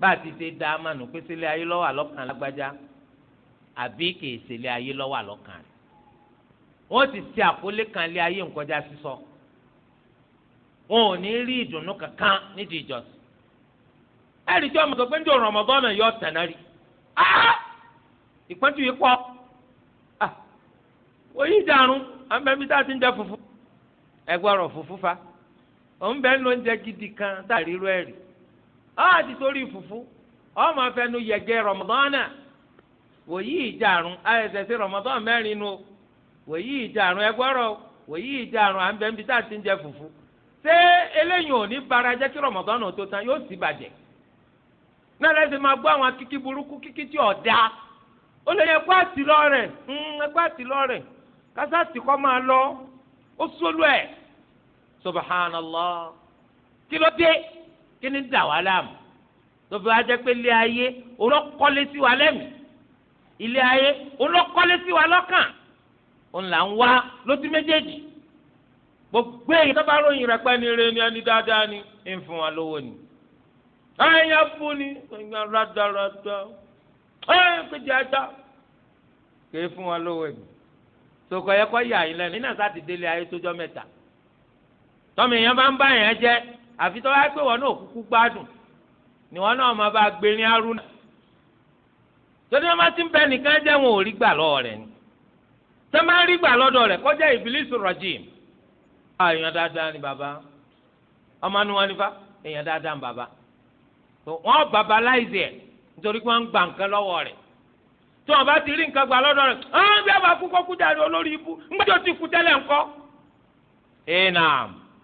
Speaker 1: bá a ti ṣe dá a mánu pé sílé ayé lọ́wọ́ àlọ́kàn lágbájá àbí kìí sílé ayé lọ́wọ́ àlọ́kàn rẹ̀ wọ́n ti ṣe àkólé kan lé ayé nkọjá sísọ wọn ò ní rí ìdùnnú kankan nídìí ìjọsìn ẹ̀rí tí ọmọ sọgbẹ́ ń dùn Ramadan yọ tẹ̀nà rí ìpẹ́ntù yìí pọ̀ oyin dàrún àmì ẹ̀mí tá a ti ń jẹ fufu ẹgbẹ́ ọ̀rọ̀ fufu fa. òun bẹ́ẹ̀ ń lo gidi kan táàrí irú ẹ̀ rí àti torí fùfú ọ́ máa fẹnu yẹ̀gẹ́ rọ̀mọ́dọ́nà wòyí ìjàrún àìsẹ̀ sí mẹ́rin nu wòyí ìjàrún ẹgbọ́rọ̀ wòyí ìjàrún tá ti ń jẹ fùfú ṣé eléyìí ò ní bara jẹ́ kí tó tán yóò sì bàjẹ́ náà máa gbọ́ àwọn kíkí burúkú kíkí tí ọ̀dà ó lè àtìlọ́ rẹ̀ hmm, subhanallah kí ló dé kí ni dà wá láàmú tóbi wá jẹ́ pé ilé ayé olókọ́lé sí wa lẹ́mìí ilé ayé olókọ́lé sí wa lọ́kàn òun là ń wá lójú méjèèjì gbogbo èyí tó bá ròyìn rẹ̀ pé ẹni rẹ ni ẹni dáadáa ni ń fún wa lówó ni ẹ̀yìn abú ni ẹ̀yìn rádaràdà ẹ̀yìn péjì ajá kì í fún wa lówó ni sọkọ yẹ kọ yà yín lẹ́nu iná sá ti délé ayé tójọ́ mẹ́ta. tọ́mọ èèyàn bá ń bá èèyàn jẹ́ àfi tọ́ wá pé wọn náà kúkú gbádùn ni náà máa bá gbérin arúnà tọ́jú wọn bá ti ń bẹ nìkan jẹ́ wọn ò rí gbà lọ́wọ́ rẹ̀ ni tọ́ máa rí gbà lọ́dọ̀ rẹ̀ kọjá ìbílísù ah, èèyàn dáadáa ni bàbá ọmọ wọn èèyàn dáadáa ni bàbá wọn bàbá láìsí nítorí ń gbà nǹkan lọ́wọ́ rẹ̀ tí wọn bá ti rí nǹkan gbà lọ́dọ̀ rẹ̀ ọ̀hún ah, bí a bá kú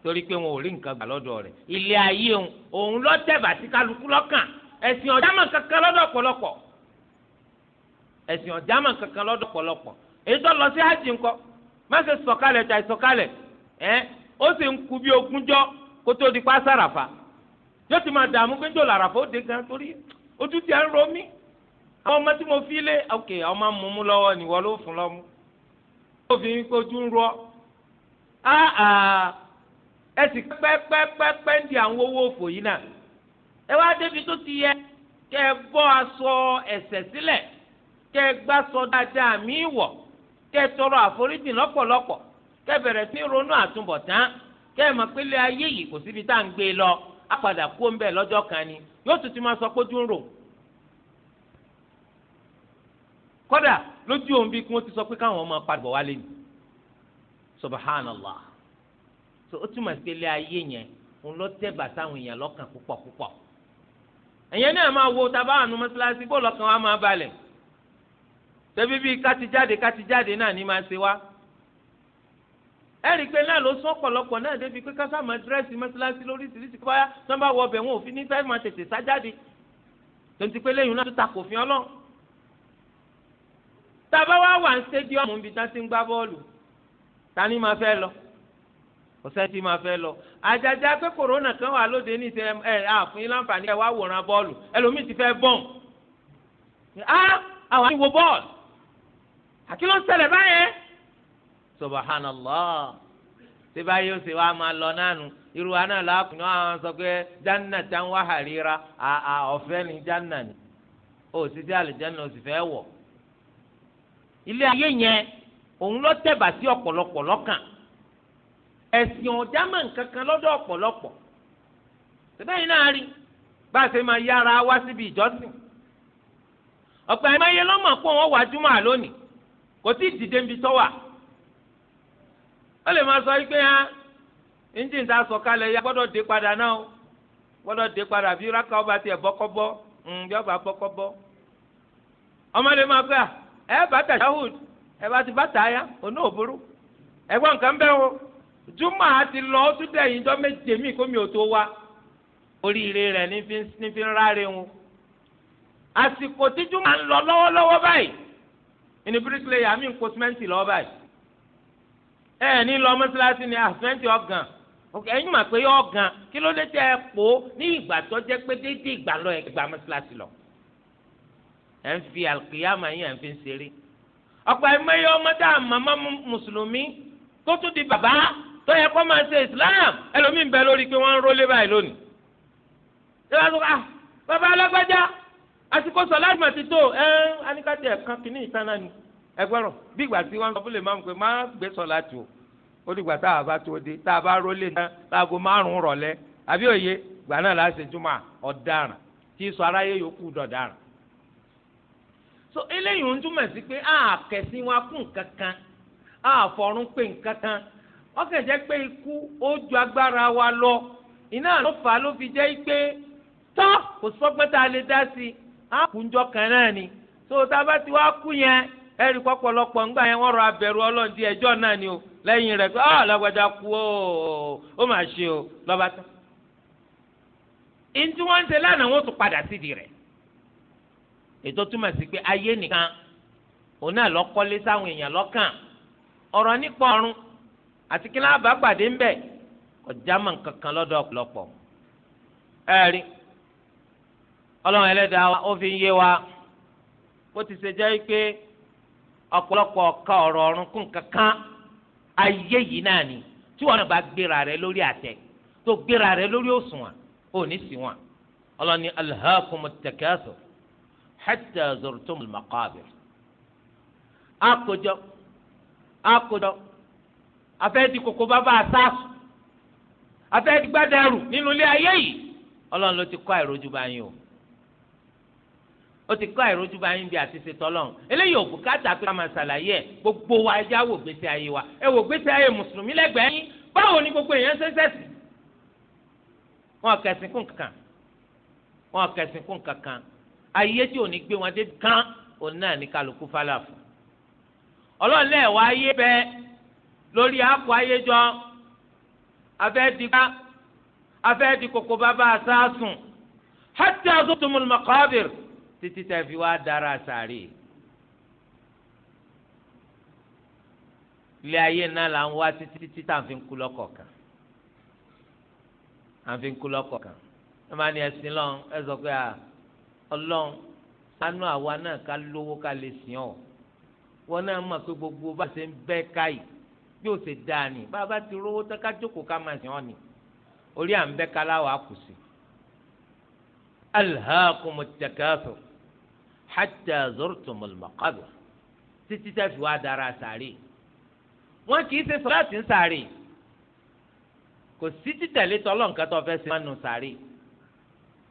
Speaker 1: torí pé wọn ò rí nǹkan gbà lọ́dọ̀ rẹ̀ ilé ayé òun òun lọ́tẹ̀bà sí kálukú lọ́kàn ẹ̀sìn ọ̀jámọ̀ kankan lọ́dọ̀ ọ̀pọ̀lọpọ̀ ẹ̀sìn ọ̀jámọ̀ kankan lọ́dọ̀ ọ̀pọ̀lọpọ̀ èyí tó lọ sí hajj ńkọ́ má ṣe sọ̀kalẹ̀ tà ìsọ̀kalẹ̀ ẹ̀ ó sì ń ku bí ogúnjọ́ kó tó di pa sàràfà yóò ti máa dààmú pé ń jò làràfà torí ojú ti ń ro àwọn ọmọ mo fi lé ok ẹ sì pẹ́pẹ́pẹ́pẹ́ ń di àwọn owó òfò yìí náà ẹ wá débi tó ti yẹ kẹ bọ bọ́ aṣọ ẹsẹ sílẹ̀ kẹ gbá sọ dáadáa kẹ tọrọ àforíjì lọpọlọpọ kẹ bẹrẹ sí ronú kẹ pé kò síbi tá e lọ á padà kú ń bẹ̀ kan ni yóò tún sọ ń rò kódà lójú òun bí kí ti sọ pé káwọn ọmọ padà wálé ni subhanallah. so ó túmọ̀ sí pé ilé ayé yẹn ń lọ tẹ́ bàtà àwọn èèyàn lọ́kàn púpọ̀ púpọ̀ ẹ̀yẹn náà máa wo tàbá àánú mọ́ṣáláṣí bó lọ́kàn wa máa balẹ̀ tẹ́bí bíi kátìjáde kátìjáde náà ní máa ṣe wá ẹ̀rí pé náà ló sún ọ̀pọ̀lọpọ̀ náà débi pé kásá máa dírẹ́sì mọ́ṣáláṣí lóríṣiríṣi kí wáyà tó wọ ọbẹ̀ wọn ò fi ní fẹ́ máa tètè sá jáde tonti pé lẹ́yìn náà tó takò fi ọlọ́ tàbá wa wà ní stadium ibi tá ti ń gbá bọ́ọ̀lù ta ọ̀sẹ̀ tí máa fẹ́ lọ. àjàjà pé kòrónà kan wà lóde ní ìtẹ ẹ àfún yín láǹfààní ẹ wá wòran bọ́ọ̀lù ẹlòmíì ti fẹ́ bọ̀n. a àwọn àti wo bọ́ọ̀lù àti ló ń ṣẹlẹ̀ báyẹn. subhanallah tí báyìí ó sì wá máa lọ nánu irú wa náà láàkùn náà àwọn sọ pé janna tan wá harira àà ọ̀fẹ́ ni janna ni ó sì dé àlùjánnà ó sì fẹ́ wọ̀. ilé ayé yẹn òun ló tẹ̀bà sí ọ̀pọ̀lọpọ̀ lọ́kàn. ẹ̀sìn ọ̀dá mọ̀ lọdọ kan lọ́dọ̀ ọ̀pọ̀lọpọ̀ tẹ́lẹ̀yìn náà rí bá a ṣe máa yára wá síbi ìjọsìn ọ̀pọ̀ ẹ̀ máa yẹ wọ́n wà júmọ̀ àlónì kò tí ì dìde níbi tọ́wà ó lè máa sọ ah, ta sọ ya gbọ́dọ̀ dé padà o gbọ́dọ̀ dé padà bí raka ọba tiẹ̀ bọ́kọ́bọ́ ń hmm, bí ọba bọ́kọ́bọ́ ọmọ lè máa pẹ́ ah, ẹ bàtà ti bàtà ya òun náà Juma àti lọ ó tún dẹ̀yìn jọ méje mí kó mi ò tó wá oríire rẹ̀ ní fi ní fi ń ráre wọn àsìkò tí júmọ̀ à ń lọ lọ́wọ́lọ́wọ́ báyìí ìní bíríkìlẹ̀yà mi ń kó símẹ́ǹtì lọ́wọ́ báyìí ẹ ní lọ mọ́ṣáláṣí ni àsìmẹ́ǹtì ah, ọ̀gàn ẹ̀yin mà pé ọ̀gàn kí ló dé tẹ́ ẹ pò ó ní ìgbà tó jẹ́ pé déédéé ìgbà lọ ẹ̀ gba mọ́ṣáláṣí lọ ẹ̀ ń fi àlùkìyàmà yín ẹ̀ ń fi ṣeré ọ̀pọ̀ ẹ̀mẹ́yẹ ọmọdé àmàmà mùsùlùmí tó tún di bàbá tó yẹ kó máa ṣe islam ẹlòmíì ń bẹ lórí pé wọ́n ń rólé báyìí lónìí. ṣé wàá sọ ah bàbá alágbájá àsìkò sọ láti mà ti tó ẹ anikati ẹ̀kan kìíní ìtaná ni ẹgbẹ́rún bí ìgbà tí wọ́n sọ fún lè máa ń pè má gbé sọ láti o ó dìgbà tá a bá tó dé tá a bá rólé náà láago márùn rọ̀lẹ́ àbí òye gbà náà láti jùmọ̀ ọ̀daràn tí sọ aráyé yòókù dọ̀daràn so eléyìí ń túmọ̀ sí pé àkẹ́sí wọn kún kankan àfọ̀rún pé nkankan ọkàn jẹ́ pé ikú ó ju agbára wa lọ iná ló fà á ló fi jẹ́ pé tọ́ kò sọ́gbọ́n tá a lè dá sí i á kú ń jọ kàn náà ni tó tá a bá ti wá kú yẹn ẹ̀rí pọ̀pọ̀lọpọ̀ ńgbà yẹn wọ́n rọ abẹ̀rù ọlọ́run di ẹjọ́ náà ni o lẹ́yìn rẹ̀ pé ọ́ lọ́gbàdá kú o ó mà ṣe o lọ́ba tán. ìntí wọ́n ń ṣe lánàá wọ́n tún padà sídìí rẹ̀ ètò túmọ̀ sí pé ayé nìkan òun náà lọ́kọ́lé sáwọn èèyàn lọ́kàn ọ̀rọ̀ nípa ọ̀run àti kí láàbà pàdé ńbẹ ọjà mọ nǹkankan lọ́dọ̀ ọ̀pọ̀lọpọ̀ ẹẹrí Ọlọ́run Ẹlẹ́dàá wa ó fi ń yé wa bó ti ṣe jẹ́ pé ọ̀pọ̀lọpọ̀ ọ̀ka ọ̀rọ̀ ọ̀run kún kankan ayé yìí náà ni tí wọn náà bá gbéra rẹ lórí àtẹ tó gbéra rẹ lórí òṣùwọ̀n ò ní sí wọn Ọlọ́run ní alhaakumut takathur hatta zurtumul maqabir akójọ akójọ afẹ́ koko bàbá sars afẹ́ di gbàdàrú nínú ilé ayé yìí ọlọ́run ló ti kọ́ àìrójú bá yín o ó ti kọ́ àìrójú bá yín bí àtìsí tọ́lọ́run eléyìí òkú káàtà pé ká ṣàlàyé ẹ̀ gbogbo wa ẹja wò gbèsè ayé wa ẹ wò gbèsè ayé mùsùlùmí lẹ́gbẹ̀ẹ́ yín báwo ni gbogbo èèyàn ṣe ṣẹ̀sì wọn kẹsìn kún kankan wọn kẹsìn kún kankan ayé tí ò ní gbé wọn dé kán òun náà ní kálukú fálàfù lórí àpò ayéjọ afẹ́dìgbà afẹ́dìkòkò bàbá àsáàsùn hàtí àzọ́tòmùl mọ̀kọ́bìr títí tẹ̀ fi wá dára sàárè. ilé ayé náà là ń wá títí títí tá à ń fi kú lọ́kọ̀ọ̀kan à ń fi kú lọ́kọ̀ọ̀kan ẹ máa ní ẹsìn lọ́n ẹ sọ pé ọlọ́run anú àwa náà ká lówó ká lè sìn ọ́ wọn náà mọ̀ pé gbogbo bá ṣe ń bẹ́ káyìí bí ó ṣe dáa ni bàbá ti rówó tán ká jókòó ká máa sìn ọ́ ni orí à ń bẹ́ kaláwà kù sí. alhaakumu takathur hatta zurtumul maqabir títí tá fi wá dára sàárè wọn kì í ṣe sọ láti ń sàárè kò sí títẹ̀lé tọ́lọ́ nǹkan tó fẹ́ ṣe máa nù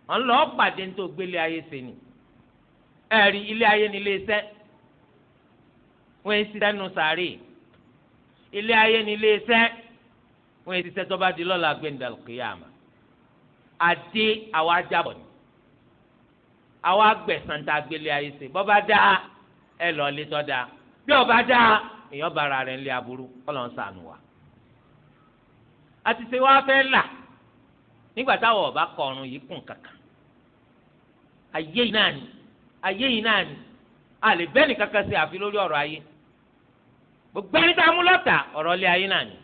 Speaker 1: wọn lọ pàdé ní tó gbélé ayé ṣe ni ẹ̀rí ilé ayé ni ilé iṣẹ́ wọn èsì sẹ́nu sàárè ilé ayé ni ilé iṣẹ́ wọn èsì iṣẹ́ tó bá di lọ́la gbẹ̀ndàlù kìyàmà àdé àwa jábọ̀ ni àwa gbẹ̀sán tá a gbélé ayé ṣe bọ́ bá dáa ẹ lọ ilé tó dáa bí ó bá dáa èèyàn bá ara rẹ̀ ń lé aburú Ọlọ́run ṣàánú wa àti ṣe wá fẹ́ là nígbà táwọn ọba kọrun yìí kùn kankan ayé yìí náà ni ayé yìí náà ni àlè bẹ́ẹ̀ ni kankan ṣe àfi lórí ọ̀rọ̀ ayé gbogbo ẹni tá a mú lọ́tà ọ̀rọ̀ ilé ayé náà ni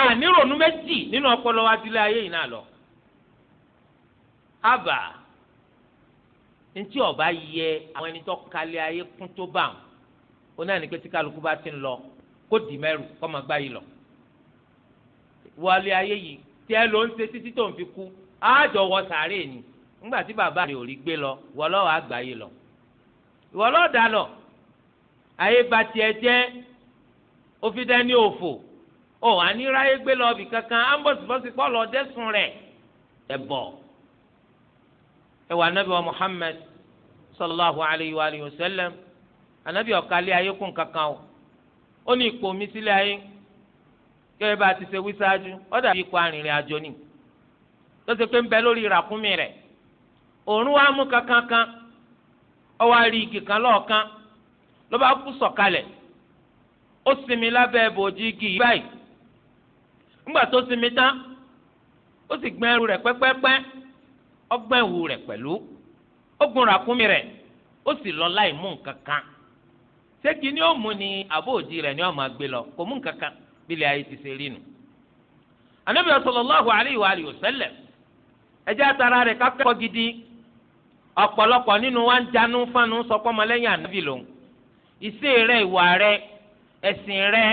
Speaker 1: a nírònú méjì nínú ọpọlọ wa ju ilé ayé yìí náà lọ àbà ntí ọba yẹ àwọn ẹni tó kalẹ̀ ayé kún tó bá wọn ó náà ní pé tí kálukú bá ti ń lọ kó dì mẹ́rù kọ́ gbá yìí lọ wọlé ayé yìí tí ló ń ṣe títí tó ń fi kú àjọ wọ sàárè ni ńgbà tí bàbá rẹ̀ ò rí gbé lọ wọlọ́wọ́ àgbáyé lọ ìwọlọ́ọ̀dà lọ ayé ba tiẹ̀ jẹ́ ó dání òfò ó àníráyé gbé lọ bì kankan ambọ̀sibọ́sì pọ̀ lọ dẹ́sùn rẹ̀ ẹ̀ bọ̀ ẹ wà ànábì wa Muhammad sallallahu alayhi wa alayhi wa sallam ànábì ọ̀kálẹ̀ ayé kún kankan o ó ní ipò mi ayé kẹ́ẹ́ bá ti ṣe dàbí arìnrìn àjò ni tó ṣe pé ń bẹ lórí ìràkúnmí rẹ̀ òórùn wa lọ́ba kú sọ̀kalẹ̀ ó sinmi lábẹ́ bòójì igi yìí báyìí ńgbà tó sinmi tán ó sì gbẹ́ ẹrù rẹ̀ pẹ́pẹ́pẹ́ ọgbẹ́ ìwù rẹ̀ pẹ̀lú ó gun ràkúnmí rẹ̀ ó sì lọ láì mú nǹkan kan ni ó mú ni àbòòjì ni ó máa gbé lọ kò mú nǹkan kan ayé ti ṣe rí nu. ẹjẹ́ àtàrà rẹ̀ ká gidi ọ̀pọ̀lọpọ̀ nínú wa ń janú fánu sọ ìṣe rẹ ìwà rẹ ẹ̀sìn rẹ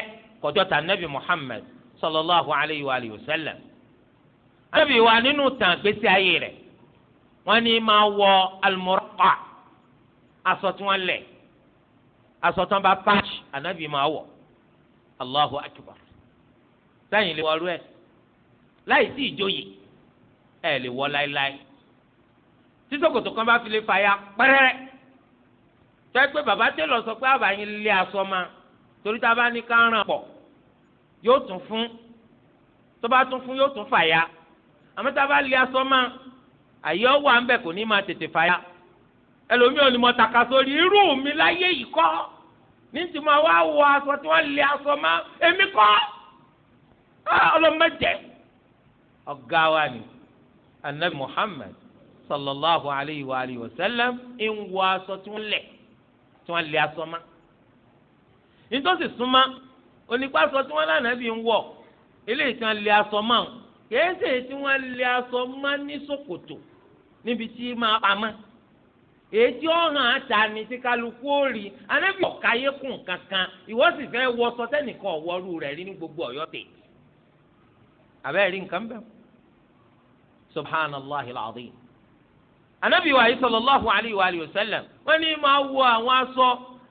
Speaker 1: kọjọ ta nabi muhammed sallallahu alayhi wa alihi wa sallam anabi wa nínú tàn gbèsè ayé rẹ wọn ní máa wọ almurqa aṣọ tí wọn lẹ aṣọ tí wọn bá patch anabi máa wọ allahu akbar sẹyìn lè wọlú ẹ láì sí ìjòyè ẹ lè wọ láéláé tí kan bá fi lè fàya pẹrẹrẹ tẹ́gbẹ́ bàbá tẹ́lọ̀ sọ pé àbá yín lé aṣọ ma torí tá a bá ní ká ràn pọ̀ yóò tún fún tó bá tún fún yóò tún fàya àmọ́ tá a bá lé aṣọ ma àyè ọwọ́ à ń bẹ̀ kò ní máa tètè fàya ẹlòmíì ò ní mọ tàka sórí irú mi láyé yìí kọ́ ní ti máa wá wọ aṣọ tí wọ́n lé aṣọ ma èmi kọ́ ah, ọlọ́mọdé ọ̀gá wa ni anabi Muhammad sallallahu alayhi wa wa sallam ń wọ aṣọ tí wọ́n lẹ̀ tí wọ́n lé aṣọ má nítòsí súnmá onípàṣọ tí bí ń eléyìí tí lé aṣọ o kìí ṣe tí wọ́n lé aṣọ ma ní ṣòkòtò níbi tí máa pamọ́ èyí tí ó ni tí kálukú ó rí anábì kankan ìwọ sì fẹ́ wọ ọ̀wọ́rú rẹ̀ rí ní gbogbo ọ̀yọ́ tè àbẹ́rẹ́ nǹkan bẹ́ẹ̀ subhanallah anabi wa ayi sallallahu alayhi wa sallam wọ́n ní máa wọ àwọn aṣọ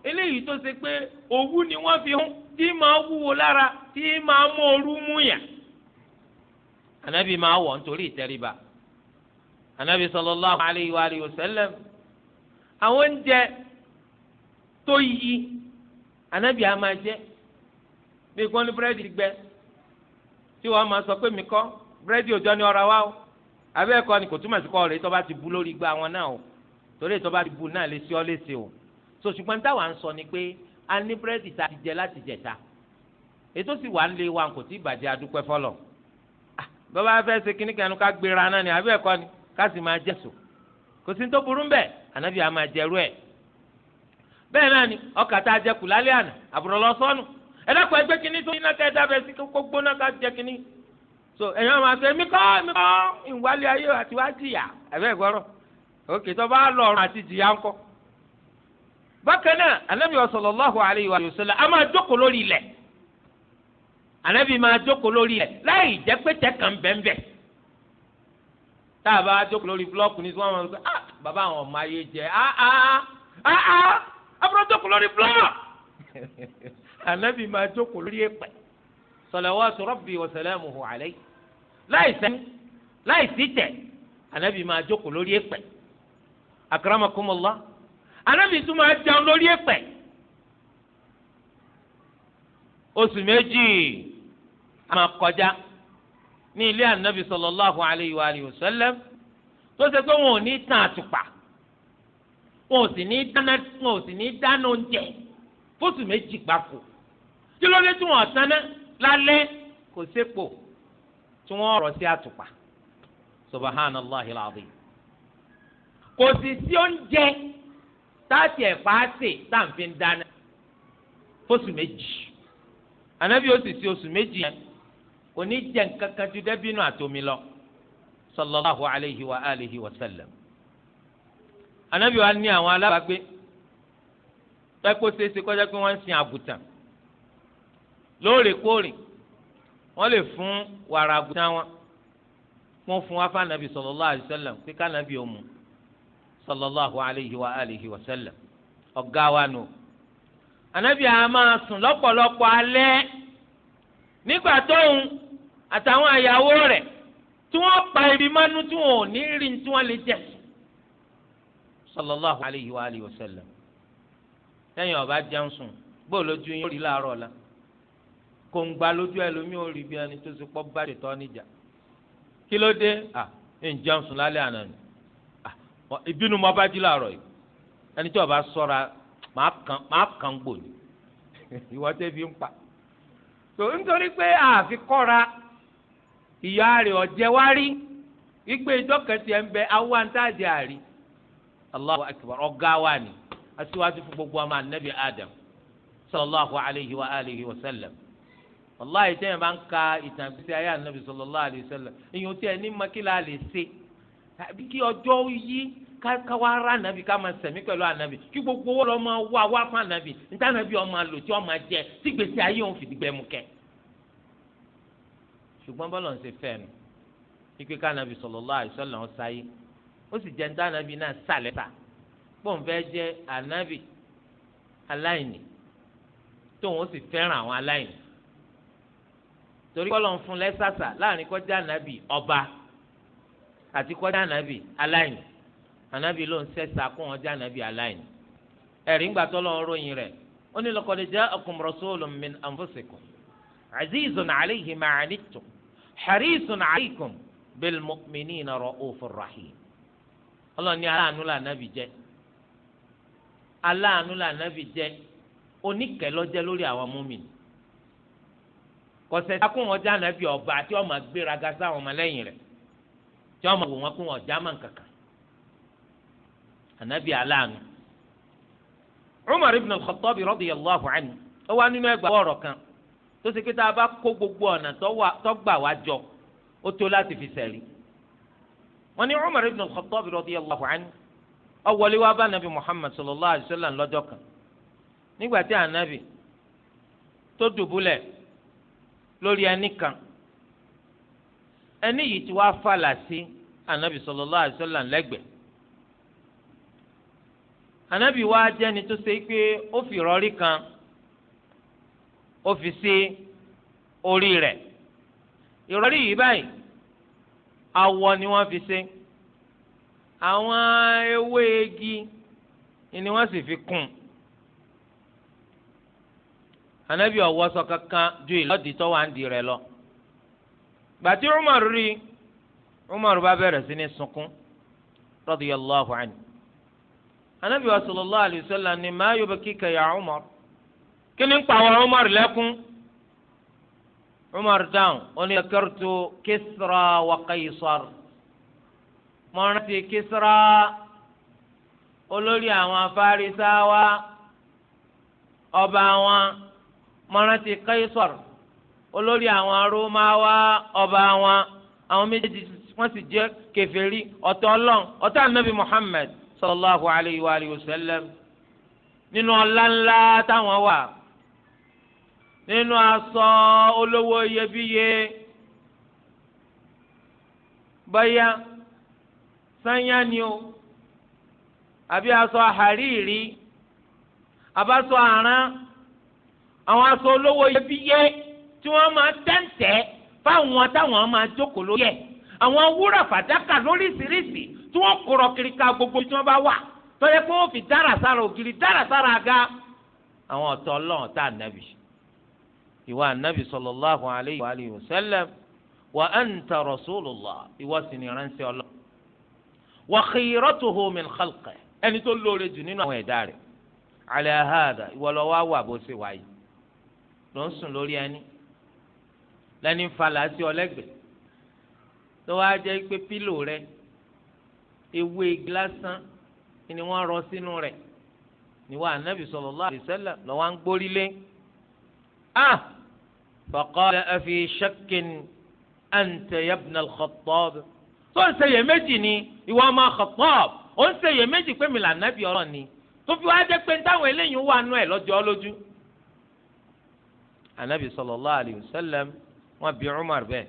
Speaker 1: eléyìí tó ṣe pé òwú ni wọ́n fi hún tí máa wúwo lára tí máa mú ooru mú yàn anabi máa wọ̀ nítorí ìtẹríba anabi sallallahu alayhi wa sallam àwọn oúnjẹ tó yí anabi á máa jẹ bí kò ní búrẹ́dì gbẹ tí wọ́n máa sọ pé mi kọ́ búrẹ́dì òjò ni ọ̀rọ̀ wa o abẹ́ẹ̀kọ́ ni kò túmọ̀ sí kọ́ rẹ̀ tó bá ti bu lórí gba wọn náà o torí tó bá ti bu náà lè sí ọ léṣe o so ṣùgbọ́n táwa ń sọ ni pé a ní búrẹ́dì tá a ti jẹ láti jẹta ètò sì wà ń lé wa kò tí ì bàjẹ́ adúpẹ́ fọlọ̀ ah, bàbá fẹ́ ṣe kíní kanu ká gbéra náà ni abẹ́ẹ̀kọ́ ni ká sì máa jẹ̀sọ̀ kò sí tó burú bẹ́ẹ̀ ànábì á máa jẹrú ẹ̀ bẹ́ẹ̀ náà ni ọkà tá a jẹ kù lálẹ́ àná àbúrò lọ sọ́nù ẹ̀dá so èèyàn máa sọ èmi kọ́ èmi kọ́ ìwálé ayé àti wá jìyà ẹ̀fẹ́ ìgbọ́rọ̀ òkè tó bá lọ ọ̀run àti jìyà ńkọ́. bákan náà anabi sallallahu alayhi wa sallam a máa jókòó lórí ilẹ̀ anabi máa jókòó lórí ilẹ̀ láì jẹ́ pé tẹ̀ kàn bẹ́ńbẹ́ tá a bá jókòó lórí búlọ́ọ̀kù ní sọ́wọ́n máa ń sọ ah bàbá àwọn ọmọ ayé jẹ ah ah ah ah abúlọ́ ah, jókòó lórí búlọ́ọ̀kù anabi máa jókòó lórí èpè salawatu rabbi wa salamuhu alayhi láìsẹ́ láìsí tẹ̀ ànábì máa jókòó lórí èpẹ̀ akramakumullah ànábì tún máa jẹun lórí èpẹ̀ oṣù méjì a máa kọjá ní ilé ànábì sallallahu alayhi wa alihi wa sallam tó ṣe pé wọn ò ní tàn àtùpà wọn ò sì ní dáná wọn ò sì ní dáná oúnjẹ fóṣù méjì gbáko kí ló dé tí wọn ò tán náà lálẹ́ kò sépò tí wọ́n rọ̀ sí àtùpà subhanallahi alazim kò sì sí oúnjẹ táàtì ẹ̀pá sè táàfin dáná fóṣù méjì ànábì ó sì sí oṣù méjì yẹn kò ní jẹ nǹkan kan ju dẹ́bínú àtomi lọ sallallahu alayhi wa alihi wa sallam ànábì wa ní àwọn alábàágbé pẹ́ kó ṣeé ṣe kọjá pé wọ́n ń sin àgùtàn lóòrèkóòrè wọ́n lè fún wàrà àgùntàn wọn wọ́n fún wa fànàbì sallallahu alayhi wa sallam pé kànàbì ọmọ sallallahu alayhi wa alihi wa sallam ọ̀gá wa nù. ànábì àá máa sùn lọ́pọ̀lọpọ̀ alẹ́ nígbà tóun àtàwọn àyàwó rẹ̀ tí wọ́n pa ibi mánú tí wọn ò ní rí tí wọ́n lè jẹ sallallahu alayhi wa alihi wa sallam. lẹ́yìn ọba jẹun sùn gbọ́ lójú yín ó rí láàárọ̀ la. kóńgbà lójú ẹlòmíì ò rí bí ẹni tó ti pọ́ bá ṣètọ́ níjà kí ló dé à ń sùn lálẹ́ àná ni ìbínú mo bá jí làárọ̀ yìí ẹni tí ọba sọ́ra máa kàn máa kàn gbò ní ìwọ tẹ́bi ń pa tó nítorí pé àfi igbe ìjọkẹ̀tì ẹ̀ ń bẹ awa àrí gbogbo ọmọ anabi Adam sallallahu alayhi wa wa sallam. wàláyé tẹ́yìn bá ń ka ìtàn gbèsè ayé ànábì sallallahu alaihi wasallam èyàn tí ẹ ní makíla lè ṣe àbí kí ọjọ́ yí káwá rà ànábì ká máa sẹ̀mí pẹ̀lú ànábì kí gbogbo owó lọ́ máa wá wá fún ànábì níta ànábì ọmọ àlò tí ọmọ jẹ tí gbèsè ayé òun fìdí gbẹmú kẹ. ṣùgbọ́n bọ́lọ̀ ń ṣe fẹ́ nu ikú ká ànábì sallallahu alaihi wasallam ó sáyé ó sì jẹ́ níta ànábì náà sàlẹ̀ ta pọ́ùn fẹ́ jẹ́ ànábì aláìní tóun ó sì fẹ́ràn àwọn aláìní torí kọ́ ló ń fún lẹ́sàsà láàrin kọjá ànábì ọba àti kọjá ànábì aláìní ànábì ló ń sẹ́sà kó wọn já ànábì aláìní ẹ̀rí ńgbà rẹ lọ́wọ́ ròyìn rẹ̀ ó ní laqad ja'akum rasulun min anfusikum azizun ma harisun alaykum bil mu'minina ra'ufur rahim ọlọ́ni aláàánú ànábì jẹ́ aláàánú ànábì jẹ́ oníkẹ́ lórí àwọn kọsẹ tí akún wọn jẹ ànábì ọba tí wọn máa gbéraga sáwọn ọmọlẹ́yìn rẹ̀ tí wọn máa wò wọn kún wọn já máa kankan ànábì aláàánú. Umar ibn al-Khattab radiyallahu anhu ó wá nínú ẹgbàá ọ̀rọ̀ kan tó ṣe pé tá a bá kó gbogbo ọ̀nà tó gbà wá jọ ó tó láti fi sẹ̀rí. wọ́n ní Umar ibn al-Khattab radiyallahu anhu ó wọlé wá bá ànábì Muhammad sallallahu alayhi wa sallam lọ́jọ́ kan nígbà tí ànábì tó dùbúlẹ̀ lórí ẹni kan ẹni yìí ti wá fàlà sí anabi sallallahu alaihi wasallam lẹ́gbẹ̀ẹ́ anabi wa jẹ́ni tó ṣe pé ó fi rọrí kan ó fi sí orí rẹ̀ ìrọ̀rí yìí báyìí awọ ni wọ́n fi ṣe àwọn ewé igi ni wọ́n sì fi kùn un anabi ọwọ́ sọ kankan ju ìlọ́dì tó wà ń di rẹ̀ lọ. gbàtí umar rí umar bá bẹ̀rẹ̀ sí ní sunkún radiyallahu anhu. anabi wa sallallahu alayhi wa sallam ni ma yubkika ya umar. kí ni ń pa àwọn umar lẹ́kún. umar dáhùn ó ní dhakartu kisra wa qaisar. mo rántí kisra olórí àwọn afárísáwá ọba wọn mọ́rántì kaisar olórí àwọn rómáwá ọba wọn àwọn méjèèjì wọ́n sì jẹ́ kèfèrí ọ̀tọ̀ ọlọ́run ọ̀tọ̀ ànábì muhammed sallallahu alayhi wa alihi wa sallam nínú ọlá ńlá táwọn wà nínú aṣọ olówó iyebíye bóyá sanya ni o àbí aṣọ àhàríìrí àbáṣọ àrán àwọn aṣọ olówó iyebíye tí wọ́n máa tẹ́ǹtẹ́ fáwọn táwọn máa jókòó lórí ẹ̀ àwọn wúrà fàdákà lóríṣiríṣi tí wọ́n kọ̀rọ̀ kiri ka gbogbo tí wọ́n bá wà tó yẹ pé wọ́n fi dára sára ògiri dára sára aga àwọn ọ̀tọ̀ ọlọ́run tá ànábì ìwà ànábì sallallahu alayhi wa alihi wa sallam wa anta rasulullah ìwọ sì ni ránṣẹ́ ọlọ́run wa khiratuhu min khalqi ẹni tó lóore jù nínú àwọn ló ń sùn lórí ẹni lẹ́ni falà sí ọlẹ́gbẹ̀ẹ́ tó wá jẹ́ pé pílò rẹ ewé gílásán ni wọ́n rọ sínú rẹ̀ níwọ̀ ànábì sallallahu alaihi wasallam lọ́wọ́ ń gbórí lé ah faqala afi shakkin anta ya ibn al-Khattab tó ń ṣe iyèméjì ni ìwọ ọmọ Khattab ó ń ṣe iyèméjì pé mi là ànábì ọ̀rọ̀ ni tó fi wá jẹ́ pé táwọn eléyìí wà nú ẹ̀ lọ́jọ́ lójú anabi sallallahu alayhi wa sallam wọ́n bi umar bẹ́ẹ̀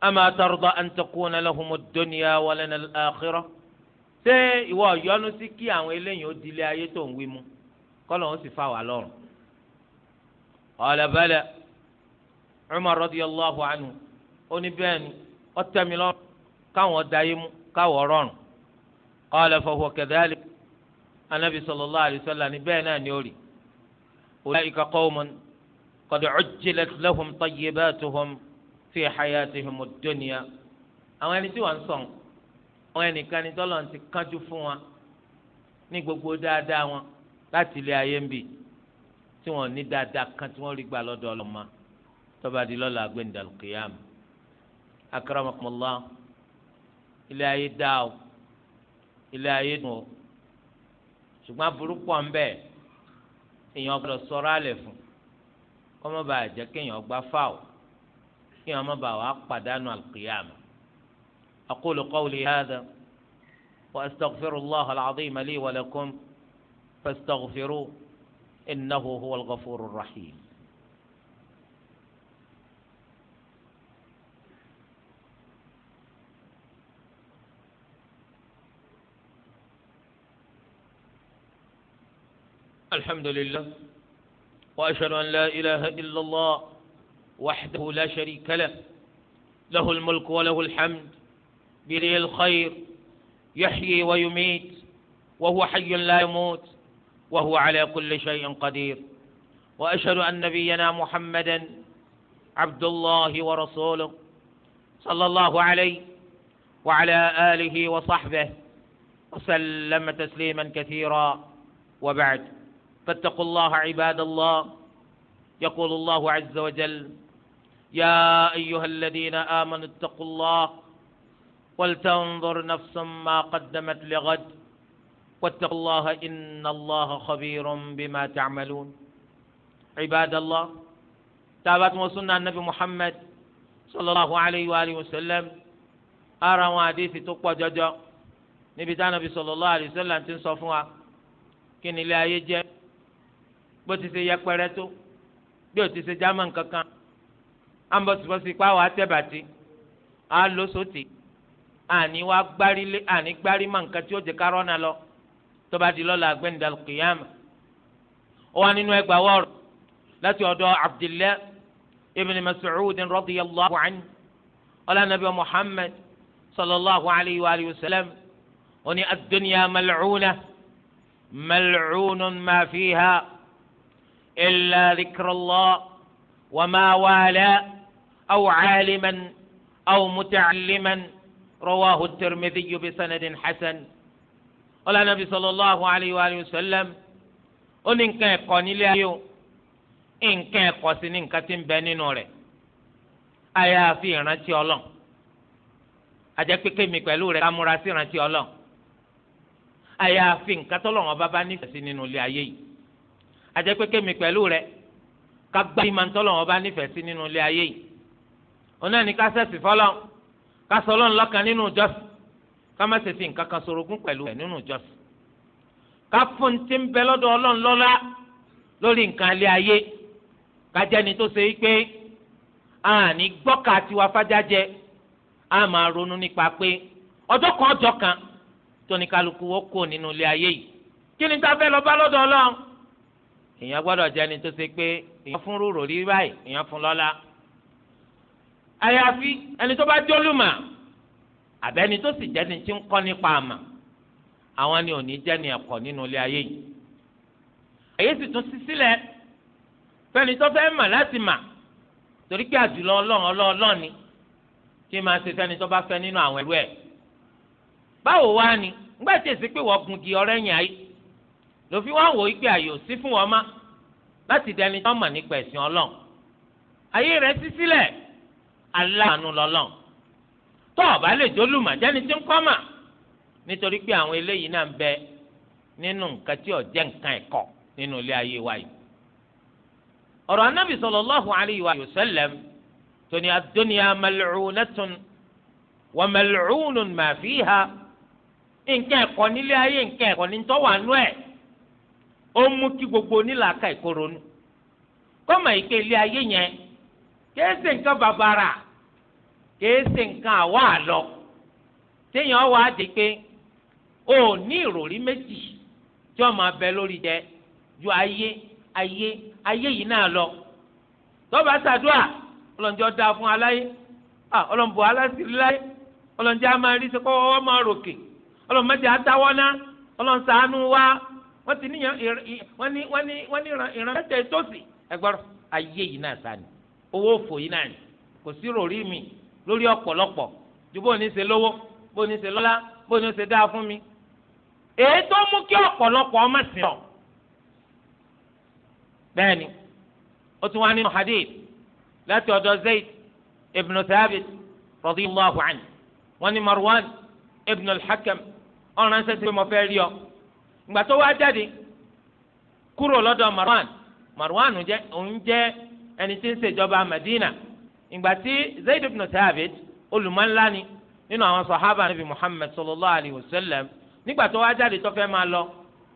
Speaker 1: ama tarda an takuna lahumu dunya walana al-akhirah ṣé ìwọ yọ́nú sí kí àwọn eléyìí ó dilé ayé tó ń wí mu kọlọ ń sì fa wà lọ́rùn qala bala umar radiyallahu anhu ó ní lọ́rùn káwọn dayé mu káwọn rọrùn qala fa huwa anabi sallallahu alayhi wa sallam ni bẹ́ẹ̀ náà ni ó rí ulaika qawmun. قد عجلت لهم طيباتهم في حياتهم الدنيا àwọn ẹni tí wọ́n ń sọ̀n àwọn ẹnìkan ni tọ́lọ̀ ti kánjú fún wọn ní gbogbo dáadáa wọn láti ilé ayé ń bì tí wọ́n ní dáadáa kan tí wọ́n rí gbà lọ́dọ̀ ọlọ́mọ tó bá di lọ́la gbẹ̀ndàlùkìyàmù akramakumullah ilé ayé dá o ilé ayé dùn o ṣùgbọ́n aburú pọ̀ ń bẹ èèyàn gbọ́dọ̀ sọ̀rọ̀ àlẹ̀ fún kọ́mọ bá jẹ́ kéèyàn gbá fáwọ̀ kéèyàn má bàa wà á pàdánù alqiyama aqulu qawli hadha wa astaghfirullaha al-azima li wa lakum fastaghfiruhu innahu huwal ghafurur rahim. الحمد لله واشهد ان لا اله الا الله وحده لا شريك له له الملك وله الحمد بيده الخير يحيي ويميت وهو حي لا يموت وهو على كل شيء قدير واشهد ان نبينا محمدا عبد الله ورسوله صلى الله عليه وعلى اله وصحبه وسلم تسليما كثيرا وبعد فاتقوا الله عباد الله يقول الله عز وجل يا أيها الذين آمنوا اتقوا الله ولتنظر نفس ما قدمت لغد واتقوا الله إن الله خبير بما تعملون عباد الله تابت وسنة النبي محمد صلى الله عليه وآله وسلم أرى حديث تقوى جدا نبي النبي صلى الله عليه وسلم تنصفها كن لا يجي bó ti ṣe yẹpẹrẹ tó bí o ti ṣe german kankan ambọ̀sibọ̀sì pa àwọn atẹ́bàtì á lọ sóòtì àní wá gbárí lé àní gbárí mọ nǹkan tí ó jẹ kárọ́ náà lọ tó bá di lọ́la gbẹ̀ndàlù kìyàmù ó wà nínú ẹgbàá wọ́ọ̀rù láti ọ̀dọ̀ abdillah ibn mas'ud radiyallahu anhu ọlá nàbí muhammad sallallahu alayhi wa alihi wa sallam oní ad-dunya mal'una mal'unun ma fiha. إلا ذكر الله وما والى أو عالما أو متعلما رواه الترمذي بسند حسن قال النبي صلى الله عليه وآله وسلم ó ní nǹkan ẹ̀kọ́ nílé ayé o nǹkan ẹ̀kọ́ sí ní nǹkan tí ń bẹ nínú rẹ̀ àyàfi ìrántí ọlọ́n àjẹ́ pékè mi pẹ̀lú rẹ̀ kámúra sí ìrántí ọlọ́n àyàfi nǹkan tọ́lọ́run bá bá nífẹ̀ẹ́ sí nínú ilé ayé yìí ajẹ́ pé kémi pẹ̀lú rẹ̀ ìmọ̀ ntọ́lọ̀ ọba nífẹ̀ẹ́ sí nínú ilé ayé yìí ọ̀nà ni ká sẹ̀sì fọlọ́ ká sọ ọlọ́run lọ́kàn nínú ìjọsìn ká má ṣe nǹkan kan sorogún pẹ̀lú rẹ̀ nínú ìjọsìn ká fún ti ń bẹ lọ́dọ̀ ọlọ́run lọ́lá lórí nǹkan ilé ayé ká tó ṣe àní tiwa fájájẹ á máa ronú nípa pé ọjọ́ kan ọjọ́ kan wọ́n kò nínú ilé ayé yìí tá a èèyàn gbọ́dọ̀ jẹ́ ẹni tó ṣe pé èèyàn fún rúrò rí báyìí èèyàn fún lọ́lá. àyàfi ẹni tó bá jólùmọ̀ àbẹ́ni tó sì jẹ́ni tí ń kọ́ nípa àmà àwọn ni ò ní jẹ́ni ẹ̀kọ́ nínú ilé ayé yìí. èyí sì tún sí sílẹ̀ fẹ́ni tó fẹ́ mà láti mà torí pé àjùlọ ọlọ́run ọlọ́ọ̀lọ́ọ̀ ni kí máa ṣe fẹ́ni tó bá fẹ́ nínú àwọn ẹrú ẹ̀. báwo wá ni ngbà tí èsì pé wọ́n gun di ọ̀rẹ́yìn ayé lòfi wá wò igbe àyò sí fún wọn má láti dẹni tó mọ̀ nípa ẹ̀sìn ọlọ́n ayé rẹ̀ sí sílẹ̀ aláàánú lọ́lọ́n tó o bá lè jólùmọ̀ jẹ́ni tí ń kọ́ mà nítorí pé àwọn eléyìí náà ń bẹ nínú nǹkan tí ó jẹ́ nǹkan ẹ̀kọ́ nínú ilé ayé wa yìí ọ̀rọ̀ anábì sallallahu alayhi wa sallam tóní ad-dunya mal'unatun wa mal'unun nǹkan ẹ̀kọ́ nílé ayé nǹkan ẹ̀kọ́ ní tọ́wọ́ àánú ẹ̀ ó mú kí gbogbo onílàákà ìkoronú kọ́mọ̀ ìké ilé ayé yẹn kéésì nǹkan bàbàrà kéésì nǹkan àwa àlọ téèyàn wà á di pé ó ní ìròrí méjì tí wọ́n máa bẹ lórí jẹ ju ayé ayé ayé yìí náà lọ tọ́ba ṣàdúrà ọlọ́njọ́ da fún aláyé ọlọ́nbọ̀ aláṣírí láyé ọlọ́njẹ́ a máa rí sẹ́kọ́ ọwọ́ máa ọlọ́nsàánú wá. wọ́n ti níyàn wọ́n ní wọ́n ní wọ́n ní ìran mẹ́ta ìtòsí ẹgbọ́rọ̀ ayé yìí náà sani owó òfò yìí náà ni kò sí ròrí mi lórí ọ̀pọ̀lọpọ̀ ju bó ní ṣe lówó bó ní ṣe lọ́lá bó ní ṣe dáa fún mi èyí tó mú kí ọ̀pọ̀lọpọ̀ ọmọ sìn ọ́ bẹ́ẹ̀ ó tún wá nínú hadith láti ọ̀dọ̀ Zayd ibn Thabit radiyallahu anhu wọ́n ní Marwan ibn al-Hakam ọ̀ràn ṣẹ́ṣẹ́ mo ìgbà tó wá jáde kúrò lọ́dọ̀ Marwan Marwan jẹ́ òun jẹ́ ẹni tí ń ṣèjọba Madina ibn nínú àwọn nabi Muhammad sallallahu alayhi wa sallam nígbà wá jáde tó fẹ́ máa lọ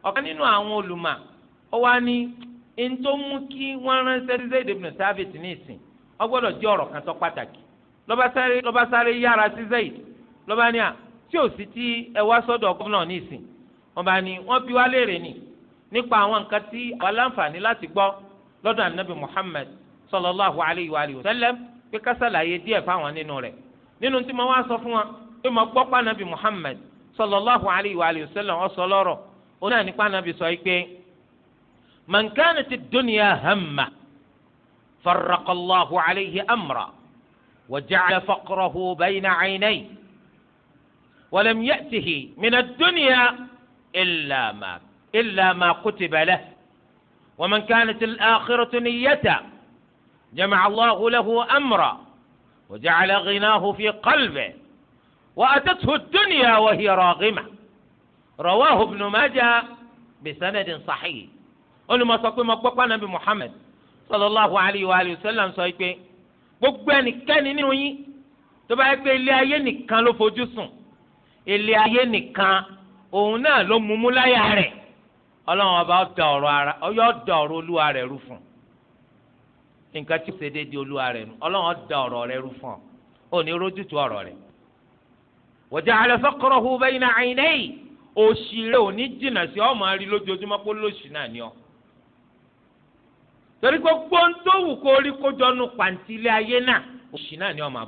Speaker 1: ọ̀kan nínú àwọn olùmọ̀ ó wá ní ẹni tó mú kí wọ́n ránṣẹ́ sí ibn ní ìsìn gbọ́dọ̀ jẹ́ ọ̀rọ̀ kan tó pàtàkì wọn bá ní wọn bí wá léèrè ni nípa àwọn nǹkan tí àwọn aláǹfààní láti gbọ́ lọ́dọ̀ anabi muhammed sallallahu alayhi wa alihi wa sallam pé kásálàyé díẹ̀ fáwọn nínú rẹ̀ nínú tí mo wá sọ fún wa pé mo gbọ́ pa anabi muhammed sallallahu alayhi wa alihi wa sallam ó sọ lọ́rọ̀ ó náà nípa anabi sọ yìí pé man kanat dunya hamma farraqa alayhi amra wa ja'ala bayna aynayhi wa ya'tihi min dunya إلا ما إلا ما كتب له ومن كانت الآخرة نيته جمع الله له أمرا وجعل غناه في قلبه وأتته الدنيا وهي راغمة رواه ابن ماجة بسند صحيح أن ما تقول مقبقى نبي محمد صلى الله عليه وآله وسلم سيكون gbogbo ẹnikẹ́ni nínú yín tó bá yẹ pé ilé ayé nìkan ló fojú sùn ilé ayé nìkan òun náà ló mumu láyà rẹ̀ ọlọ́run ọba ọ̀dà ọrọ ara ọyọ́ ọ̀dà ọrọ olúwa rẹ̀ rú fún nǹkan tí ṣe déédéé olúwa nù rú fún ọ òní rójútu ọ̀rọ̀ rẹ̀ waja'ala faqrahu bayna 'aynayhi òṣì rẹ̀ òní jìnnà sí ọmọ àrí lójoojúmọ́ pé lóṣì náà ni ọ torí pé gbóńtòwù kó rí kójọ nu pàǹtí ilé ayé náà náà ni àwọn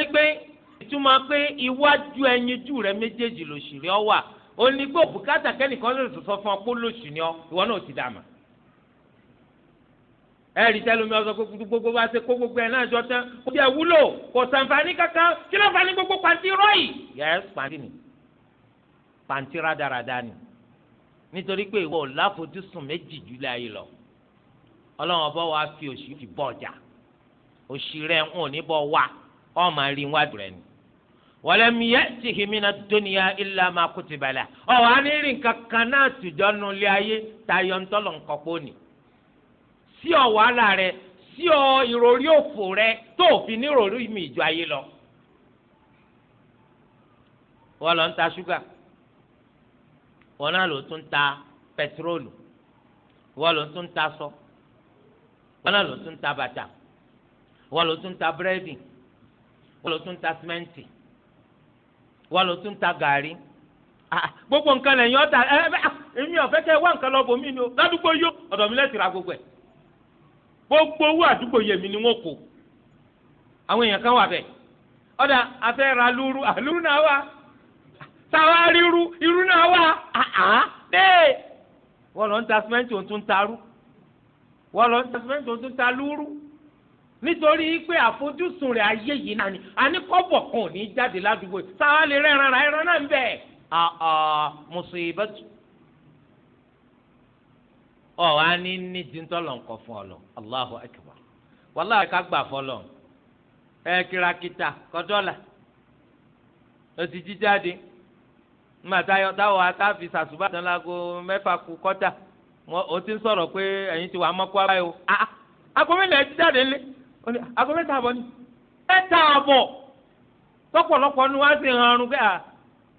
Speaker 1: yìí ìtumọ̀ pé iwájú ẹyinjú rẹ méjèèjì lòṣìrí ọ wà ó ní pé òbúkátà kẹ́nìkan lè sọ fún ọ pé lòṣìrí ọ ìwọ náà ti dàmà. ẹ̀rí tẹ́lómi ọ̀sán kó gbogbo bá ṣe kó gbogbo ẹ̀ náà jọ tán kó tiẹ̀ wúlò kò sànfàní kankan kí ló fà gbogbo pàǹtí rọ́ọ̀yì. yẹ́s pàǹtí ni pàǹtí rádaràda ni nítorí pé ìwọ láfojúsùn méjì jùlẹ̀ ayé lọ ọlọ́run ọba wa fi òṣì fi bọ̀ ọjà òṣì rẹ̀ ń ò ní bọ̀ wá máa rí wájú rẹ̀ ni walam ya'tihi mina dunya illa ma kutiba lah ọwọ anirin kankan náà tùjọ nulẹ ayé tayọ ntọlọ nkọpọ ni sí ọ wàhálà rẹ sí ọ ìròrí òfò rẹ tó òfin níròrí mi ìjọ ayé lọ wọn lọ ń ta ṣúgà wọn náà ló tún ta pẹtiróòlù wọn ló tún ta sọ wọn náà ló tún ta bàtà wọn ló tún ta búrẹ́dì wọn ló tún ta símẹ́ǹtì wọ́n lọ tún ta gàrí ah, gbogbo nǹkan lẹ́yìn ọ̀tà ẹ ẹ ah, èmi ọ̀fẹ́ kẹ́ wá nǹkan lọ́bọ̀ mi ni o ládùúgbò yó ọ̀dọ̀ mi lẹ́sìn ra gbogbo ẹ̀ gbogbo owó àdúgbò yẹmi ni wọ́n kó àwọn èèyàn kan wà bẹ́ẹ̀ ọ̀dà afẹ́ ra lúrú àlúrú náà wà táwa ríru irú náà wà bẹ́ẹ̀ ah, wọ́n lọ ń ta simẹ́ntì òun tún ta rú wọ́n lọ ń ta simẹ́ntì òun tún ta lúrú nítorí pé àfojúsùn rẹ̀ ayé yìí náà ni àníkọ́bọ̀ kan ò ní jáde ládùúgbò sáà lè rẹ́ran ra ẹran náà ń bẹ̀. Ah, ah, musibatu ọ wá ní ní fún ọ lọ fọlọ ẹ kìràkìtà kọ́dọ́là ó ti jí nígbà táyọ táwọn atáfi sàṣùbà tán mẹ́fà kọ́tà wọn ò ti sọ̀rọ̀ jáde ó ní aago mẹ́ta àbọ̀ ni mẹ́ta àbọ̀ tọ́pọ̀lọpọ̀ ni wọ́n á sì hàn ọrùn pé à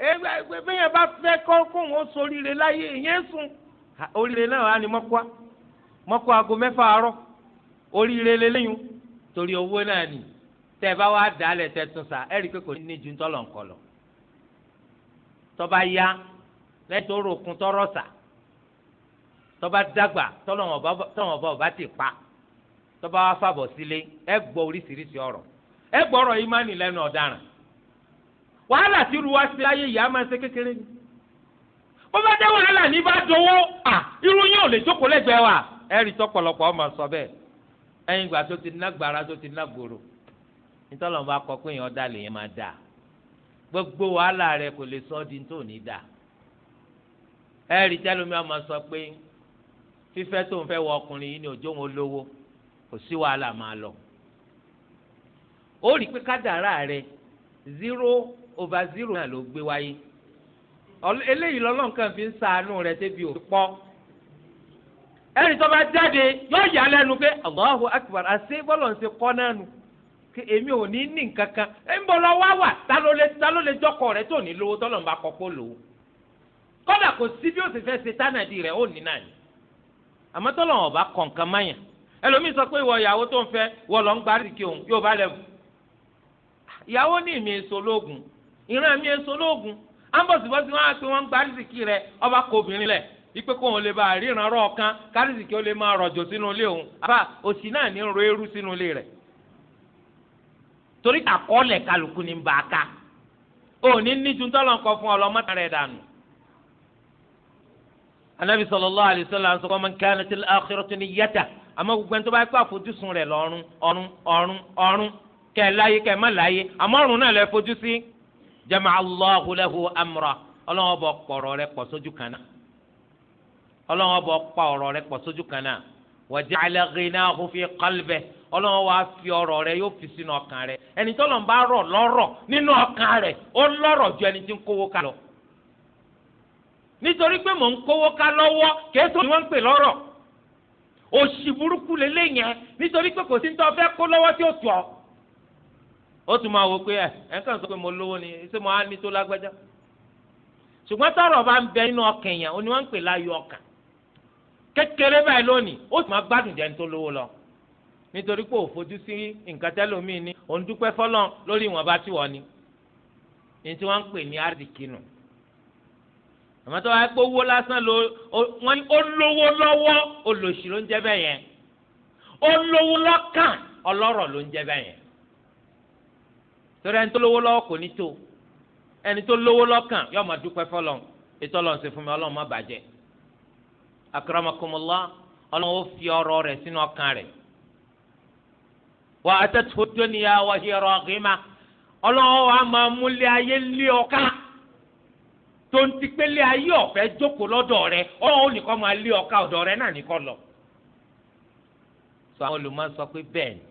Speaker 1: ẹgbẹ́ bẹ́yẹn bá fẹ́ kọ́ kóun ó soríire láyé ìyẹn sùn oríire náà á ní mọ́kúá mọ́kúá aago mẹ́fà àárọ̀ oríire lélẹ́yìn torí owó náà nì tẹ́ ẹ bá wá dálẹ̀ tẹ́ tún sá ẹ̀rí pé kò ní ju ń tọ́lọ̀ nǹkan lọ tọ́ba ya lẹ́tọ́ ròkun tọ́rọ̀ sà tọ́ba dàgbà tọ́lọ̀ wọn bá ọba ti pa. tọbaa wa fàbọ̀ sílé ẹ gbọ́ oríṣiríṣi ọ̀rọ̀ ẹ gbọ́rọ̀ ìmánì lẹ́nu ọ̀daràn wàhálà tí irú wa ayé láyé máa ṣe kékeré ni bó dé wàhálà ní bá dowó à irú yín lè jókòó wa ẹ rí ọmọ sọ tó ti ná gbàrà tó ti ná gbòòrò nítorí wọn bá kọ pé èèyàn lèèyàn máa dà gbogbo wàhálà rẹ kò lè sọ di tó ní sọ pé tó ń wọ ọkùnrin yìí ni òjò kò sí wàhálà máa lọ ó rí i pé kádàrá rẹ zero over zero náà ló gbé wáyé eléyìí lọ́lọ́run kan fi ń ṣàánú rẹ débi òfin pọ́ ẹni tó bá jáde yóò yà lẹ́nu pé Allahu Akbar àṣé bọ́lọ̀ kọ́ náà nù èmi ò ní ní nǹkan kan ń bọ̀ lọ wà ta ló lè ta ló lè rẹ tó ní lówó tọ́lọ̀ ń ẹlòmíì sọ pé ìwọ ìyàwó tó ń fẹ́ wọ lọ ń gba àríkì òun yóò bá lẹbù ìyàwó ní ìmì èso lóògùn ìran mi èso lóògùn wọn á ọba kọ obìnrin lẹ̀ ipe kò ń lè bá ríran rọ ọkan kárìsìkì ó lè máa rọ̀jò sínú ilé òun àbá òsì náà ní ro eru sínú ilé rẹ̀ torí àkọọ́lẹ̀ kálukú ní bá a ká òní níjú tọ́lọ̀ fún àmọ́ gbogbo ẹni tó bá pẹ́ àfojúsùn rẹ̀ lọ́rùn ọ̀run ọ̀run ọ̀run kẹ́ ẹ láyé kẹ́ ẹ má láyé àmọ́ ọ̀run náà lẹ́ fojú sí jama allahu lahu amra ọlọ́wọ́n bọ̀ pọ̀rọ̀ rẹ̀ pọ̀ sójú kan náà ọlọ́wọ́n bọ̀ pa ọ̀rọ̀ rẹ̀ pọ̀ sójú kan náà waja'ala ghinahu fi qalbihi ọlọ́wọ́n wá fi ọ̀rọ̀ rẹ̀ yóò fi sínú ọkàn rẹ̀ ẹni tọ́lọ̀ ń bá rọ̀ lọ́rọ̀ nínú ọkàn rẹ̀ ó lọ́rọ̀ ju ẹni tí ń kówó ká lọ nítorí pé mò ń kówó ká lọ́wọ́ kẹ́ẹ́tọ́ ni wọ́n ń pè lọ́rọ̀ òṣì burúkú lélẹ̀ yẹn nítorí pé kò sí ní tó fẹ́ kó lọ́wọ́ tí ó tù ọ́. ó tún máa wò pé ẹ ẹ kàn sọ pé mo lówó ni ṣé mo á ní tó lágbájá. ṣùgbọ́n tọrọ bá ń bẹ nínú ọkàn yẹn òní wọ́n ń pè láyọ̀ ọkàn. kékeré báyìí lónìí ó sì máa gbádùn jẹun tó lówó lọ. nítorí pé òfojú sí nǹkan tẹ́lómi ni òun dúpẹ́ lórí ìwọ̀nba tí wọ́n ni. ní tí wọ́n ń pè ní àdìkínù àmọ́ tó wáá pé owó lásán ló wọ́n ní ó lówó lọ́wọ́ olòṣì ló ń jẹ́ bẹ́ẹ̀ yẹn ó lówó lọ́kàn ọlọ́rọ̀ ló ń jẹ́ bẹ́ẹ̀ yẹn torí ẹni tó lówó lọ́wọ́ kò ní tó ẹni tó lówó lọ́kàn yóò máa dúpẹ́ fọlọ́n ètò ọlọ́run ṣe fún mi ọlọ́run má bàjẹ́ akramakumullah ọlọ́run ó fi ọrọ̀ rẹ̀ sínú ọkàn rẹ̀ wa atatuhu dunya wa hiya raghima ọlọ́run tó ń ti pélé ayé ọ̀fẹ́ jókòó lọ́dọ̀ rẹ ọ̀hún nìkan máa lé ọ̀ka ọ̀dọ̀ rẹ náà nìkan lọ. sọ àwọn olùmọ̀ sọ pé bẹ́ẹ̀ ni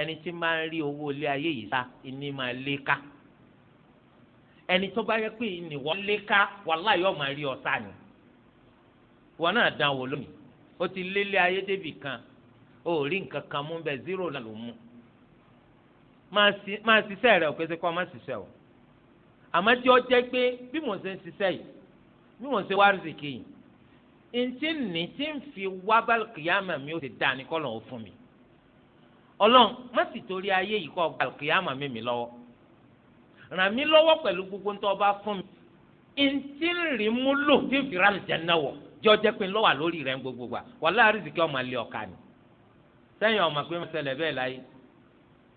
Speaker 1: ẹni tí máa ń rí owó ilé ayé yìí sá ìní máa lé ká ẹni tó bá yẹ pé ìnìwọ́ lé ká wàhálà yóò máa rí ọ̀sá ni wọn náà dán wò lónìí ó ti lélé ayé débì kan ó rí nǹkan kan mú bẹ́ẹ̀ zero náà ló mú máa ṣiṣẹ́ rẹ̀ ò pèsè kó o má ṣiṣẹ́ o àmọ́ tí ó jẹ́ pé bí mò ń ṣe ń ṣiṣẹ́ yìí bí mò ń ṣe wá rìsìkì yìí ntí ní tí ń fi wá bálùkìyàmà mi ó ti dá ní kọ́lọ̀ ó fún mi ọlọ́run má sì torí ayé yìí kọ́ bálùkìyàmà mi mi lọ́wọ́ ràn mí lọ́wọ́ pẹ̀lú gbogbo ń tọ́ bá fún mi ntí ń rí mú lò tí ń fi rà lìjẹ́ náà wọ̀ jọ jẹ́ pé lọ́wọ́ lórí rẹ̀ ń gbogbo wa wàhálà rìsìkì ọmọ alẹ́ ọ̀ka ni sẹ́yìn ọmọ pé mo ṣẹlẹ̀ bẹ́ẹ̀ láyé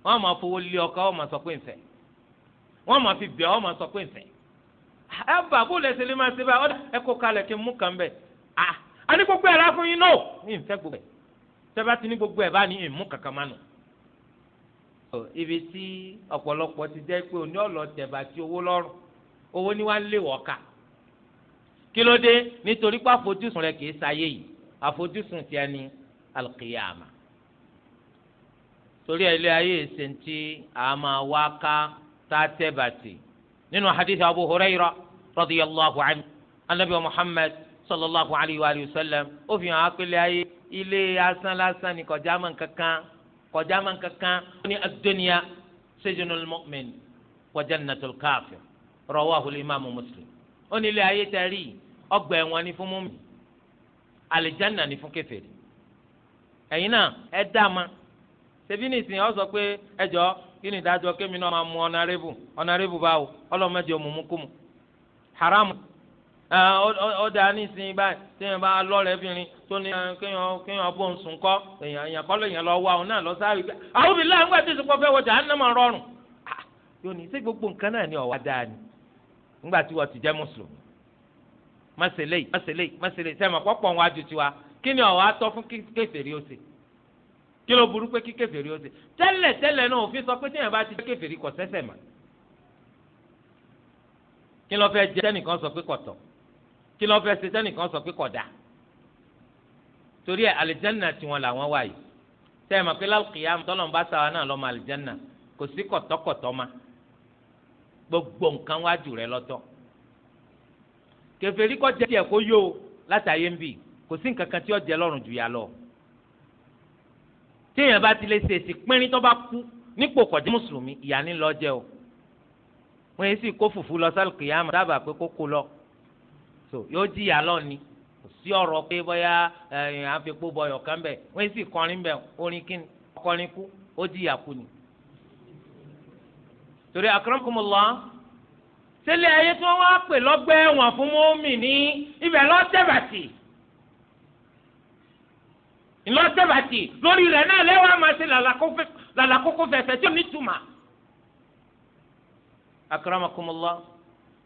Speaker 1: wọ́n máa fowó lé ọkọ wọ́n sọ pé ń fẹ́ wọ́n máa fi bẹ̀ ọ́ máa sọ pé ǹsẹ̀ ẹ bà bó lẹ́sẹ̀ lè máa ṣe báyìí ọ̀dà ẹ kó kalẹ̀ kí n mú kàn bẹ̀ à á ní gbogbo ẹ̀ láfún yín náà ní ìfẹ́ gbogbo ẹ̀ tẹ́bá ti ní gbogbo ẹ̀ bá ní ìmú kàkà má nù. ibi tí ọ̀pọ̀lọpọ̀ ti jẹ́ pé òní ọ̀lọ́ tẹ̀bà tí owó lọ́rùn owó ni wàá lé wọ́ọ̀ka kí ló dé nítorí pé àfojúsùn rẹ kì í ṣayé yìí àfojúsùn tiẹ̀ ni alqiyama torí ẹ̀ ilé ayé ìsèǹtì àmà wáká tààtẹ bàtì nínú hadith abu huraira radiyallahu anhu anabi muhammad sallallahu alayhi wa sallam ó fi hàn ápẹlẹ ayé ilé asán lásán ni kọjá máa ń kankan kọjá máa ń kankan ó ní ad-dunya sijnul mu'min wa jannatul kafir rawahu al-imamu muslim ó ní ilé ayé tẹ̀rí ọgbà ẹ̀wọ̀n ni fún mùmí àlìjánà ni fún kèfèrí ẹ̀yin náà ẹ dá a ma ṣebí nìsín ọ sọ pé ẹ jọ kini ni ìdájọ́ kémi náà máa mu ọ̀nàrẹ́bù ọ̀nàrẹ́bù báwo ọlọ́mọdé òmùmúkùmù haram ọdẹ anísìnyí báyìí téèyàn bá lọ́rẹ̀ẹ́bìnrin tó ní kéèyàn bó ń sùn èèyàn èèyàn lọ wá òun náà lọ sáré gbé àwọn ìsìnkú wọjà rọrùn. Ah, yóò ní sí gbogbo nǹkan náà ní ni nígbà tí ti wọn fún ó kí ló burú pé kí kèfèrí ó ṣe tẹ́lẹ̀ tẹ́lẹ̀ náà òfin sọ pé téèyàn bá ti jẹ́ kèfèrí kò sẹ́ṣẹ̀ mà kí ló fẹ́ jẹ́ tẹ́nìkan sọ pé kò tọ́ kí ló fẹ́ ṣe tẹ́nìkan sọ pé kò dáa torí ẹ̀ àlìjánnà tiwọn làwọn wà yìí tẹ́ ẹ mọ̀ pé lálùkìyà tọ́lọ̀ ń bá sáwa náà lọ́mọ àlìjánnà kò sí kọ̀tọ́kọ̀tọ́ ma gbogbo nǹkan wájú rẹ lọ́tọ̀ kèfèrí kò jẹ́ tiẹ̀ kó yó látàyé ń bì kò sí nǹkan kan tí ó tí èèyàn bá ti lè ṣe èsì pínrín tó bá kú nípò kọjá mùsùlùmí ìyá ní lọ jẹ o wọn yìí sì kó fùfú lọ sálùkì yá mà dábàá pé kó kó lọ so yóò jìyà lọ ni kò sí ọ̀rọ̀ pé bóyá ẹyìn àfikún bọyọ kan bẹ wọn yìí sì kọrin bẹ orin kíni ọkọrin kú ó jìyà kú ni. torí akramakumullah sílẹ̀ ayé tí wọ́n wá pè lọ́gbẹ́ ẹ̀wọ̀n fún mọ́mì ní ibẹ̀ lọ́ọ́ tẹ̀bàtì. ńlọ́tẹ̀bàtì lórí rẹ̀ náà lẹ́wọ̀n máa ṣe làlàkókò fẹ̀fẹ̀ tí ò ní túmọ̀. akramakumullah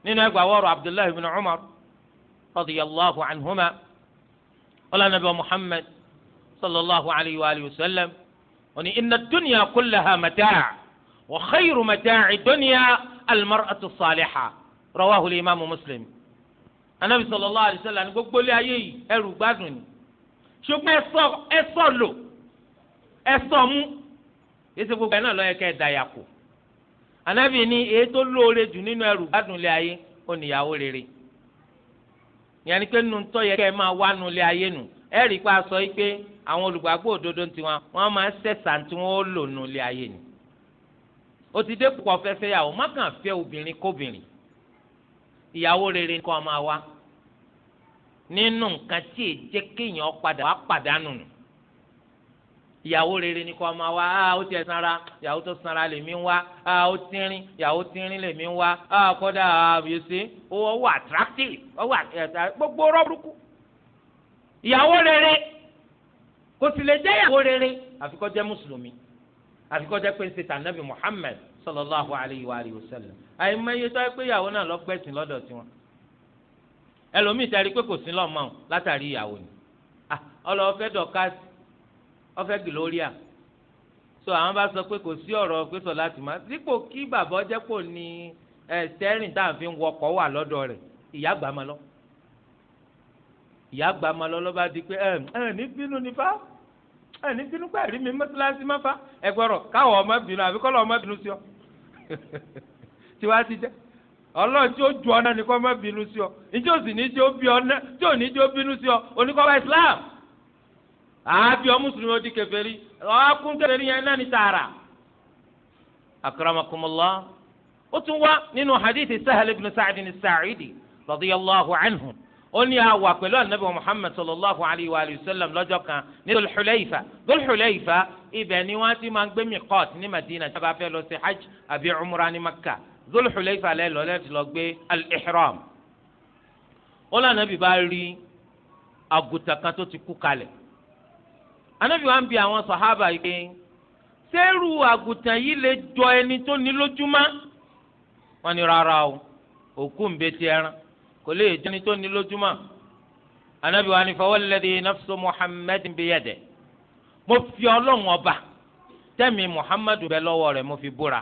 Speaker 1: nínú ẹgbàá wọ́ọ̀rọ̀ abdullahi ibn umar radiyallahu anhuma wala nabi muhammad sallallahu alayhi wa alihi wa sallam wani inna dunya kulaha mataa wa khayru mataa dunya almar'atu saliha rawahu al muslim anabi sallallahu alayhi wa sallam gbogbo ayé ẹrù gbádùn ni ṣùgbọ́n ẹ̀sọ́ ẹ̀sọ́ lò ẹ̀sọ́ mú èsì gbogbo ẹ̀ náà lọ́yẹ kẹ́ ẹ̀ dàyà kù ànábì ní èyí tó lóore jù nínú ẹrù gbádùn ilé ayé ó níyàwó rere yẹn ni pé nínú tọ́ yẹ kẹ́ ẹ máa wá nu ayé nù ẹ rí i pé a sọ yìí pé àwọn olùgbàgbọ́ òdodo ti wọn wọn máa ń sẹ̀sà tí wọ́n lò nu ayé ni o ti dé púpọ̀ fẹ́fẹ́ yàwó má kàn fẹ́ obìnrin kóbìnrin ìyàwó rere kọ́ máa wá nínú nǹkan tí è jẹ́ kéèyàn padà wá pàdánù nù ìyàwó rere ni kò a ó tiẹ̀ sanra ìyàwó tó sanra lè mí wá a ó tínrín ìyàwó tínrín lè mí wá a kọ́dà àbíyèsí ó wà attractive ó wà gbogbo rọ́bùrúkú ìyàwó rere kò sì lè jẹ́ ìyàwó rere àfi jẹ́ mùsùlùmí àfi jẹ́ pé sallallahu alayhi wa sallam àyè mọ iye ẹlòmíì tari pé kò sí lọ́mọ látàrí ìyàwó ni ọlọ́wọ́ fẹ́ dọ̀kásì ọfẹ́ gloria so àwọn bá sọ pé kò sí ọ̀rọ̀ pé sọ láti má dípò kí bàbá ọjẹ́pò ní ẹ stẹ́rìn tá à ń fi wọkọ̀ wà lọ́dọ̀ rẹ̀ ìyá gbà má lọ ìyá gbà má lọ lọ́ba di pé ẹ ẹ ní bínú ni fa ẹ ní bínú pẹ̀lú mi mọ́tíláṣí má fa ẹ gbọ́dọ̀ káwọ̀ ọmọ bínú àbíkọ́lọ̀ ọmọ bínú sí ọ tiwa ti jẹ́ ọlọ́run tí ó ju ọ̀nà ni kó má bínú sí ọ ìjọ sì ní tí ó bí ọ̀nà tí ò ní tí ó bínú sí ọ oníkọ́ba Islam àábí ọ mùsùlùmí ó di kèfèrí ọ̀hákún kèfèrí yẹn náà ní tààrà. akramakumullah ó tún wá nínú hadith sahel ibn sa'id ibn sa'idi radiyallahu anhu ó ní àwà pẹ̀lú anabi muhammad sallallahu alayhi wa sallam lọ́jọ́ kan ní dulxuleifa dulxuleifa ibẹ̀ ni wọ́n ti máa ń gbé miqat ní madina tí bá fẹ́ lọ sí hajj àbí umra ní makka Zulhulayfa lẹ lọ lẹti lọ gbé al-ihram wọn lànà bí bá rí àgùntàn kan tó ti kú kalẹ̀ anabi wa ń bi àwọn sàhábà yìí pé sẹ́rù àgùntàn yìí lè jọ ẹni tó ní lójúmọ́ wọn ni rárá o òkú ń bẹ ti ẹran kò lè jọ ẹni tó ní lójúmọ́ anabi wa ni fa walladhi nafsu muhammadin biyadihi mo fi ọlọ́run ọba tẹ́mi muhammadu bẹ lọ́wọ́ rẹ̀ mo fi búra.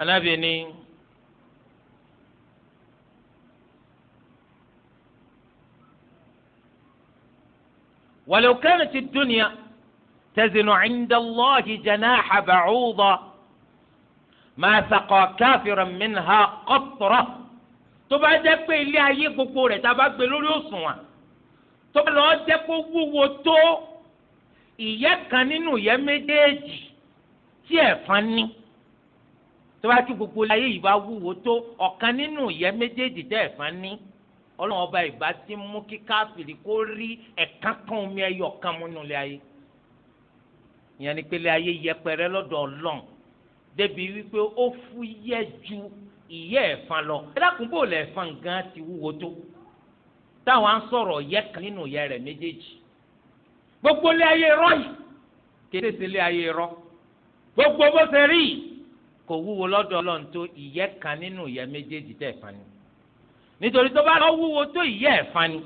Speaker 1: anábìyẹn ولو كانت الدنيا تزن عند الله جناح بعوضة ما سقى كافرا منها قطرة تبقى جاك اللي هي بكورة تبقى بلوري أصوان تبقى لو جاك ووتو إياك كانينو يا مديج تيفاني tó bá kí gbogbo ayé yìí bá wúwo tó ọ̀kan nínú ìyẹ́ méjèèjì tẹ́ ẹ̀ fán ní ọlọ́run ọba ìbá ti mú kí káfìrí kó rí ẹ̀ka kan omi ẹyọ kan múnú ilé ayé ìyẹn ni pé ilé ayé yẹpẹrẹ lọ́dọ̀ ọlọ́run débi wípé ó fúyẹ́ ju ìyẹ́ ẹ̀fọn lọ ẹ̀dákùnbó lẹ̀fọn gan ti wúwo tó táwọn á ń sọ̀rọ̀ ìyẹ́ kan nínú ìyẹ́ rẹ̀ méjèèjì gbogbo ilé ayé rọ́ yìí kéde sí ilé ayé rọ́ gbogbo bó ṣe rí yìí kò wúwo lọ́dọ̀ ọlọ́run tó ìyẹ́ kan nínú ìyẹ́ méjèèjì tẹ̀ fani. ni nítorí tó bá lọ wúwo tó ìyẹ́ ẹ̀ fún ni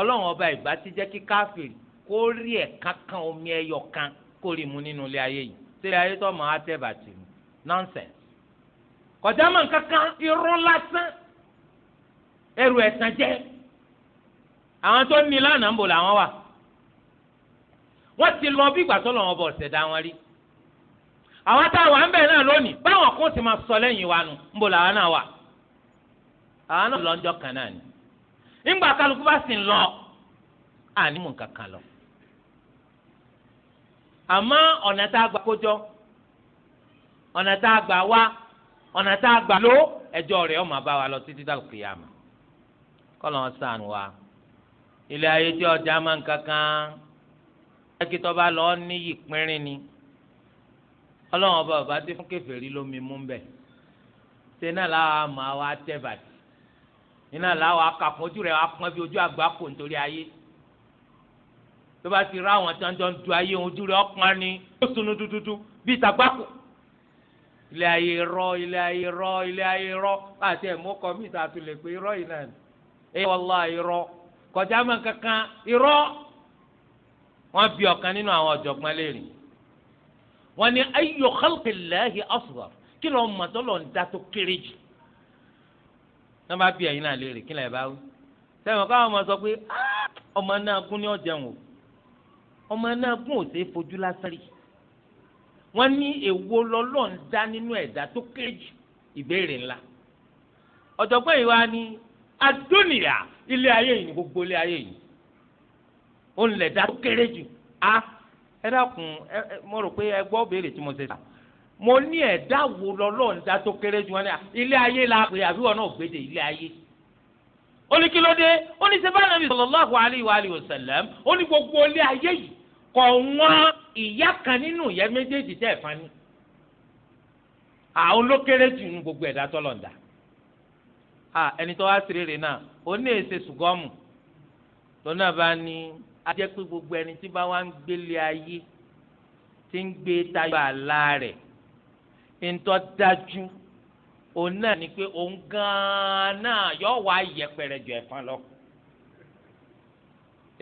Speaker 1: ọlọ́run ọba ìgbà ti jẹ́ kí káfíìrì kó rí ẹ̀ kankan omi ẹyọ kan kó rí mu nínú ilé ayé yìí tí ilé ayé tó mọ̀ á tẹ̀ bàtì mu nọ́nsẹ̀nsì kọjá mọ̀ kankan irun lásán ẹrù ẹ̀sán jẹ́ àwọn tó ní lánàá ń bò làwọn wà wọ́n ti lọ bí ìgbà tó lọ́wọ́ bọ̀ ṣẹ̀dá wọn rí àwọn táwọn à ń bẹ̀ náà lónìí báwọn kò sì máa sọ lẹ́yìn wa nu ń bò làwọn náà wà àwọn náà lọ́njọ́ kan náà ni nígbà kálukú bá sì ń lọ àní mò ń kankan lọ àmọ́ ọ̀nà tá a gbà kójọ ọ̀nà tá a gbà wá ọ̀nà tá a gbà ló ẹjọ́ rẹ̀ ọmọ bá wa lọ títí dàlù kìyàmù kọ́lọ̀ ń sànù wa ilé ayé tí ọjà máa ń kankan ẹ̀kítọ́ bá lọ níyì pínrín ni. ọlọ́run ọba ọba ti fún kèfèrí lómi mú bẹ̀ ṣe náà làwọn máa wá tẹ́ bàtì iná làwọn akàkùn ojú rẹ̀ wá pọ́n bí ojú àgbà kò nítorí ayé tó bá ti rá àwọn tán tó ń du ayé ojú rẹ̀ ọ̀pọ̀n ni ó sunu dúdúdú bíi tàgbákò ilé ayé rọ ilé ayé rọ ilé ayé rọ àti ẹ̀mọ́kọ mi ta tún lè pé irọ́ yìí náà ni ẹ wọlá irọ́ kọjá mọ́ kankan irọ́ wọ́n bí ọ̀kan nínú àwọn ọ̀jọ̀gbọ́n léèrè wọn ni ayyu khalqillahi asghar kí ló ń mọ tó lọ ń da tó kéré jù náà bá bí ẹyin náà léèrè kí lè bá wí sẹ́wọ̀n káwọn ọmọ sọ pé ah, ọmọ náà kún ní ọ̀jẹun o ọmọ náà kún ò sí fojú lásán wọn ní èwo lọ́lọ́ ń dá nínú ẹ̀dá tó kéré jù ìbéèrè ńlá ọ̀jọ̀gbọ́n yìí wá ní adónìyà ilé ayé yìí gbogbo ilé ayé yìí ó ń lẹ̀dá tó kéré jù á ah, ẹ dákun ẹ mo rò pé béèrè mo ṣe sà mo ní ẹ̀dá wo tó kéré wọn ní ilé ayé la pè àbí wọn náà gbéde ilé ayé ó kí ló dé gbogbo ilé ayé yìí kọ̀ wọ́n ìyá kan nínú ìyá méjèèjì àwọn gbogbo ẹ̀dá tọ́lọ̀ ń dà ẹni tó wá sí rere náà ó ní lọ́nà bá ní ajẹ́ pé gbogbo ẹni tí bá wá ń gbélé ayé tí ń gbé tayọ àlá rẹ̀ ńtọ́ dájú òun náà ni pé òun gan-an náà yóò wá yẹpẹrẹ jọ ẹ̀fọn lọ.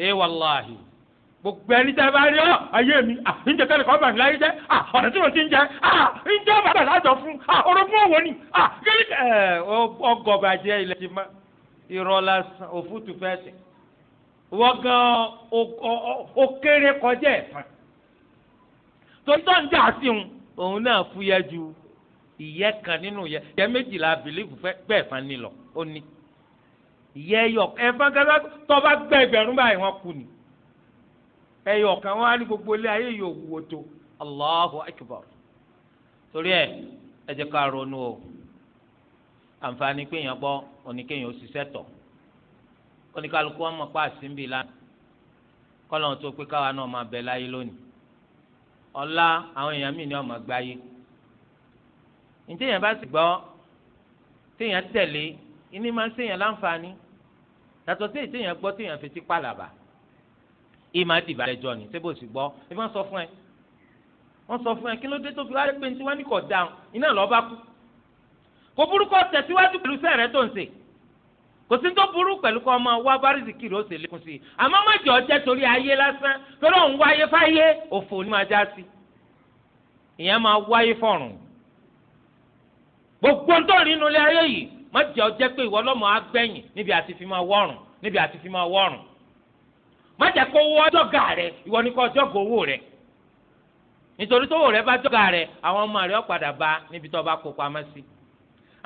Speaker 1: ẹ wàláhì gbogbo ẹni tẹ bá rí ọ ah, ayé mi ǹjẹ́ ah, kẹlẹ kọ bàmí láyé jẹ ah, ọ̀nà tí mo ti ń jẹ ǹjẹ́ bàbá lájọ fún orogún òwò ni kí ni. ọgọbàjẹ ilẹ̀ ti má irọ́ lásán òfútu fẹ́ wọ́n gan ó kéré kọjá ẹ̀fọn torí tó ń jà sí òun òun náà fúyẹ́ ju ìyẹ́ kan nínú ìyẹ́ ìyẹ́ méjìlá bìlífù pé ẹ̀fọn ni lọ ó ní ìyẹ́ ẹyọ ẹ̀fọn gẹ́gẹ́ tó bá ìbẹ̀rún báyìí wọ́n kú ni ẹyọ kan wọ́n á ní gbogbo ilé ayé yóò wúwo tó Allahu Akbar torí ẹ ẹ jẹ́ ká ronú o àǹfààní pé èèyàn gbọ́ òní kéèyàn ó ṣiṣẹ́ tọ̀ oníkálukú wọn mọ̀ pa àṣìǹbì lánàá kọ́lọ́n tó pé káwa náà máa bẹ láyé lónìí ọ̀la àwọn èèyàn míì ni ọmọ gbáyé ǹjẹ́ èèyàn bá sì gbọ́ téèyàn tẹ̀lé iní máa ń ṣèèyàn láǹfààní yàtọ̀ sí èèyàn gbọ́ téèyàn fetí pàlàbà ìyí máa dìbà ẹjọ́ ni sébò sì gbọ́ ẹ fẹ́ sọ fún ẹ wọ́n sọ fún ẹ kí ló dé tó fi wá pé ní tiwọn ní kò dáhùn iná lọ́ọ́ bá kú kò burúkọ tẹ̀síwájú pẹ̀lú sẹ́ẹ̀rẹ́ tó ń ṣe kò sí tó burú pẹ̀lú kọ́ ọmọ wa bárísìkì rẹ̀ ó sì lékún sí i àmọ́ má jọ jẹ́ torí ayé lásán torí òun wáyé fáyé òfò ní Ma já sí ìyẹn máa wáyé fọ̀rùn gbogbo ń tọ́rin inú ilé ayé yìí má jọ jẹ́ pé ìwọ lọ́mọ agbẹ̀yìn níbi àti fi máa wọ̀rùn níbi àti fi máa wọ̀rùn má jẹ́ kó wọ́ jọ́gà rẹ ìwọ ní kó jọ́gà owó rẹ nítorí tówó rẹ bá jọ́gà rẹ àwọn ọmọ rẹ ó padà bá níbi tó bá kó pamọ́ sí. Si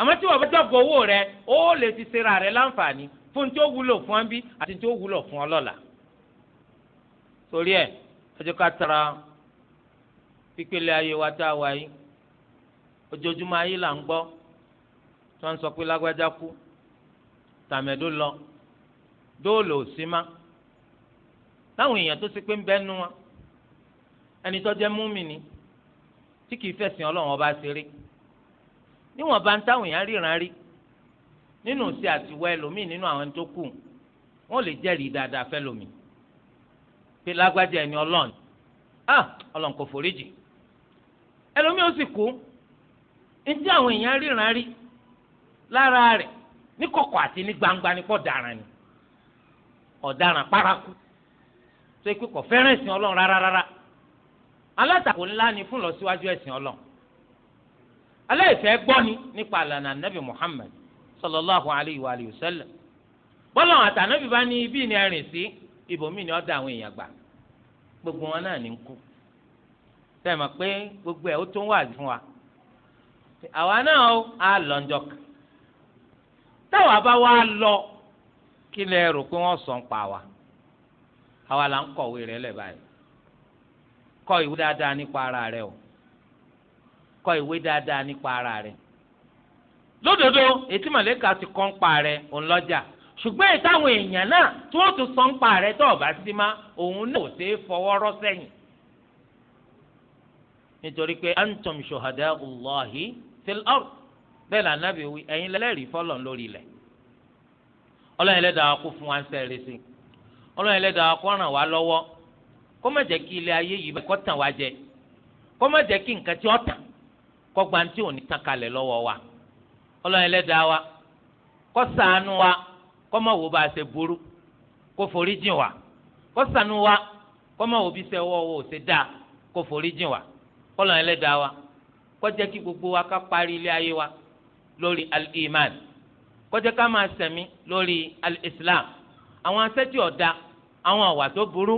Speaker 1: àmọ́ tí wọ́n bá dọ̀bọ̀ owó rẹ ó lè ti ṣe ra rẹ láǹfààní fún tí ó wúlò fún ọ́n bí àti tí ó wúlò fún ọ lọ́la. torí ẹ ọjọ́ ká tara pípélé ayé wa tá a wá ojoojúmọ́ ayé là ń gbọ́ tí wọ́n sọ pé lágbájá kú tàmẹ̀dó lọ dóòlò sí láwọn èèyàn tó ṣe pé ń bẹ́nu wọn ẹni tó jẹ́ múmi ni tí kìí fẹ̀sìn ọlọ́run ọba ṣeré. níwọ̀n bá ń táwọn èèyàn ríran rí nínú àti àtiwọ́ ẹlòmíì nínú àwọn tó kù wọ́n lè jẹ́rìí dáadáa fẹ́ lómi pé lágbájá ẹni ọlọ́run ah ọlọ́run kò foríjì ẹlòmíì ó sì kú ntí àwọn èèyàn ríran rí lára rẹ̀ ní kọ̀kọ̀ àti ní gbangba ní ọ̀daràn paraku tó ikú kọ̀ fẹ́ràn ẹ̀sìn ọlọ́run rárá rárá alátakò ńlá ni fún lọ
Speaker 2: aláìfẹ́ gbọ́
Speaker 1: ni nípa àlànà anabi muhammed sallallahu alayhi wa alihi wa sallam bọ́lá àwọn àtànàbí bá ní ibi ní ẹrìn sí ibòmí ni ó àwọn èèyàn gbà gbogbo wọn náà ní ń kú sẹ́mi pé gbogbo ẹ̀ ó tó ń wà fún wa àwa náà a lọ ńjọ kan táwa bá wá lọ kí lẹ rò pé wọ́n sọ ń pa wa àwa là ń kọ̀wé rẹ̀ lẹ̀ báyìí kọ ìwé dáadáa nípa ara rẹ o kọ ìwé dáadáa nípa ara rẹ̀ lódodo ètí màlẹ́kà ti kọ́ ń pa rẹ̀ òun lọ́jà ṣùgbọ́n ìtàwọn èèyàn náà tí wọ́n tún sọ ń pa rẹ̀ tó ọ̀bá sí ma òun náà ò sí fọwọ́ rọ́ sẹ́yìn nítorí pé antum ṣòhadà Allahi fil ard bẹ́ẹ̀ náà nábì wí ẹ̀yin lẹ́lẹ́rìí fọlọ́n lórí ilẹ̀ ọlọ́run ẹlẹ́dàá kó fún wa ń sẹ́rẹ̀ sí ọlọ́run ẹlẹ́dàá kó ràn wá lọ́wọ́ kó má jẹ́ kí ilé ayé yìí kó tàn wá jẹ kó má jẹ́ kí nǹkan tí tàn kọ́gbà tí ò ní tán kalẹ̀ lọ́wọ́ wa ọlọ́run ẹlẹ́dàá wa kọ́ ṣàánú wa kọ́ mọ̀ wò bá a ṣe burú kó forí jìn wá kọ́ ṣàánú wa kọ́ mọ̀ wò bí ṣe wọ́ wò ṣe dáa kó forí jìn wá ọlọ́run ẹlẹ́dàá wa kó jẹ́ kí gbogbo wa ká parí ilé ayé wa lórí al-iman kó jẹ́ ká máa sẹ̀mí lórí al-islam àwọn asẹ́tì ọ̀dà àwọn àwà tó burú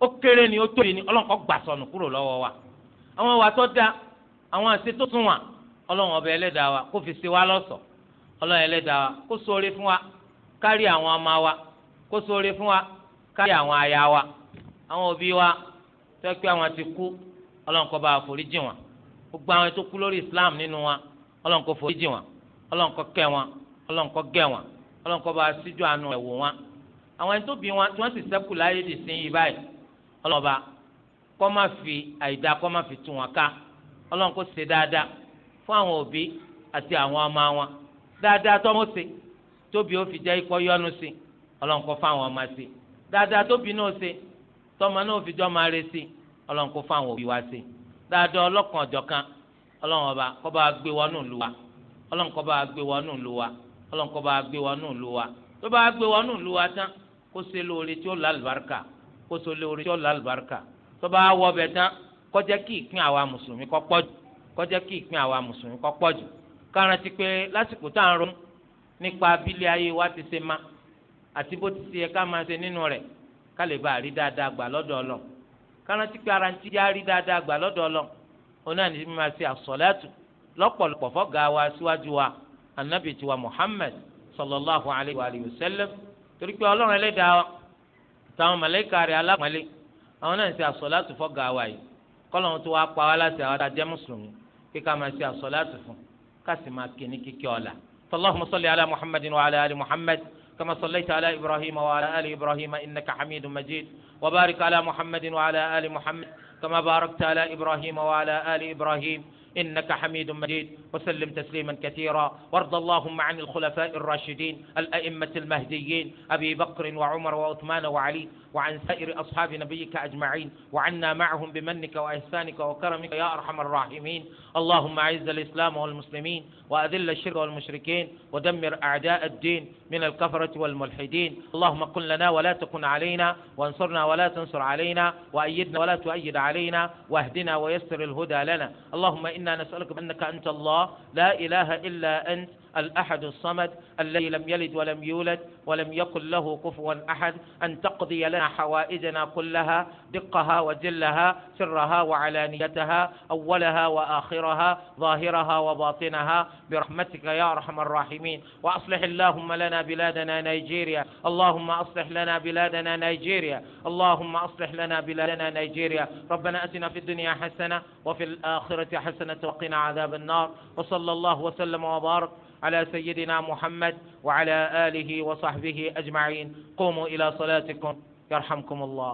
Speaker 1: ó kéré ni ó tóbi ni ọlọ́run kó gbà sọnù kúrò lọ́wọ́ wa àwọn àwà tó dáa àwọn àti tó sún wa ọlọ́run ọba ẹlẹ́dàá wa kó fi ṣe wa lọ́ṣọ̀ọ́ ọlọ́run ẹlẹ́dàá wa kó ṣoore fún wa kárí àwọn ọmọ wa kó ṣoore fún wa kárí àwọn aya wa àwọn òbí wa tó pé àwọn ti kú ọlọ́run kó bá wa foríjì wọn gbogbo àwọn tó kú lórí Islam nínú wa ọlọ́run kó foríjì wọn ọlọ́run kó kẹ́ wọn ọlọ́run kó gẹ̀ wọn ọlọ́run kó bá wa síjú àánú ẹ̀wò wọn àwọn ẹni tó bí wọn tí wọ́n sì ṣẹ́kù láyé dì sí yìí báyìí ọlọ́run ọba má fi àìdá kó má fi tú wọn ká ọlọ́run kó ṣe dáadáa fún àwọn òbí àti àwọn ọmọ wọn dáadáa tọ́mọ ṣe tóbi ó fi jẹ́ ikọ́ yọnu sí ọlọ́run kó fún àwọn ọmọ ṣe dáadáa tóbi náà ṣe tọ́mọ náà fi jọ́ máa re sí ọlọ́run kó fún àwọn òbí wa ṣe dáadáa ọlọ́kan ọ̀jọ̀kan ọlọ́run ọba kó bá gbé wọnú ìlú wa ọlọ́run kó bá gbé wọnú ìlú wa ọlọ́run kó bá gbé wọnú ìlú wa tó bá gbé wọnú ìlú wa tán kó ṣe lóore tí ó lálùbáríkà kó ṣe lóore tí ó lálùbáríkà tó bá wọ bẹ̀ tán kó jẹ́ kí ìpín àwa mùsùlùmí kó pọ̀ jù kó jẹ́ kí ìpín àwa mùsùlùmí kó pọ̀ jù ká rántí pé lásìkò tá à ń ronú nípa abílẹ̀ ayé wa ti ṣe ma àti bó ti ṣe yẹ ká máa ṣe nínú rẹ̀ ká lè bá àrí dáadáa gbà lọ́dọ̀ ọlọ ká rántí pé ara ń ti yá rí dáadáa gbà lọ́dọ̀ ọlọ oní àná ti máa ṣe àsọ̀lẹ́tù lọ́pọ̀lọpọ̀ fọ́gà wa síwájú wa anabi tiwa Muhammad sallallahu alayhi wa sallam torí pé ọlọ́run ẹlẹ́dàá táwọn mọ̀lẹ́kà rẹ̀ alápọ̀nlé àwọn náà ń ṣe àsọ̀lẹ́tù fọ́gà wa yìí kọ́lọ́hún tó wá pa wá láti àwọn adájẹ́ mùsùlùmí kí ká máa ṣe àsọ̀láàtù fún ká sì máa kí ní kíkí ọ̀la. اللهم صل على محمد وعلى آل محمد كما صليت على إبراهيم وعلى آل إبراهيم إنك حميد مجيد وبارك على محمد وعلى آل محمد كما باركت على إبراهيم وعلى آل إبراهيم إنك حميد مجيد وسلم تسليما كثيرا وارض اللهم عن الخلفاء الراشدين الأئمة المهديين أبي بكر وعمر وعثمان وعلي وعن سائر أصحاب نبيك أجمعين وعنا معهم بمنك وإحسانك وكرمك يا أرحم الراحمين اللهم أعز الإسلام والمسلمين وأذل الشرك والمشركين ودمر أعداء الدين من الكفرة والملحدين اللهم كن لنا ولا تكن علينا وانصرنا ولا تنصر علينا وأيدنا ولا تؤيد علينا واهدنا ويسر الهدى لنا اللهم إنا نسألك بأنك أنت الله لا إله إلا أنت الأحد الصمد الذي لم يلد ولم يولد ولم يكن له كفوا أحد أن تقضي لنا حوائجنا كلها دقها وجلها سرها وعلانيتها أولها وآخرها ظاهرها وباطنها برحمتك يا أرحم الراحمين وأصلح اللهم لنا بلادنا نيجيريا اللهم أصلح لنا بلادنا نيجيريا اللهم أصلح لنا بلادنا نيجيريا ربنا أتنا في الدنيا حسنة وفي الآخرة حسنة وقنا عذاب النار وصلى الله وسلم وبارك على سيدنا محمد وعلى آله وصحبه أجمعين قوموا إلى صلاتكم يرحمكم الله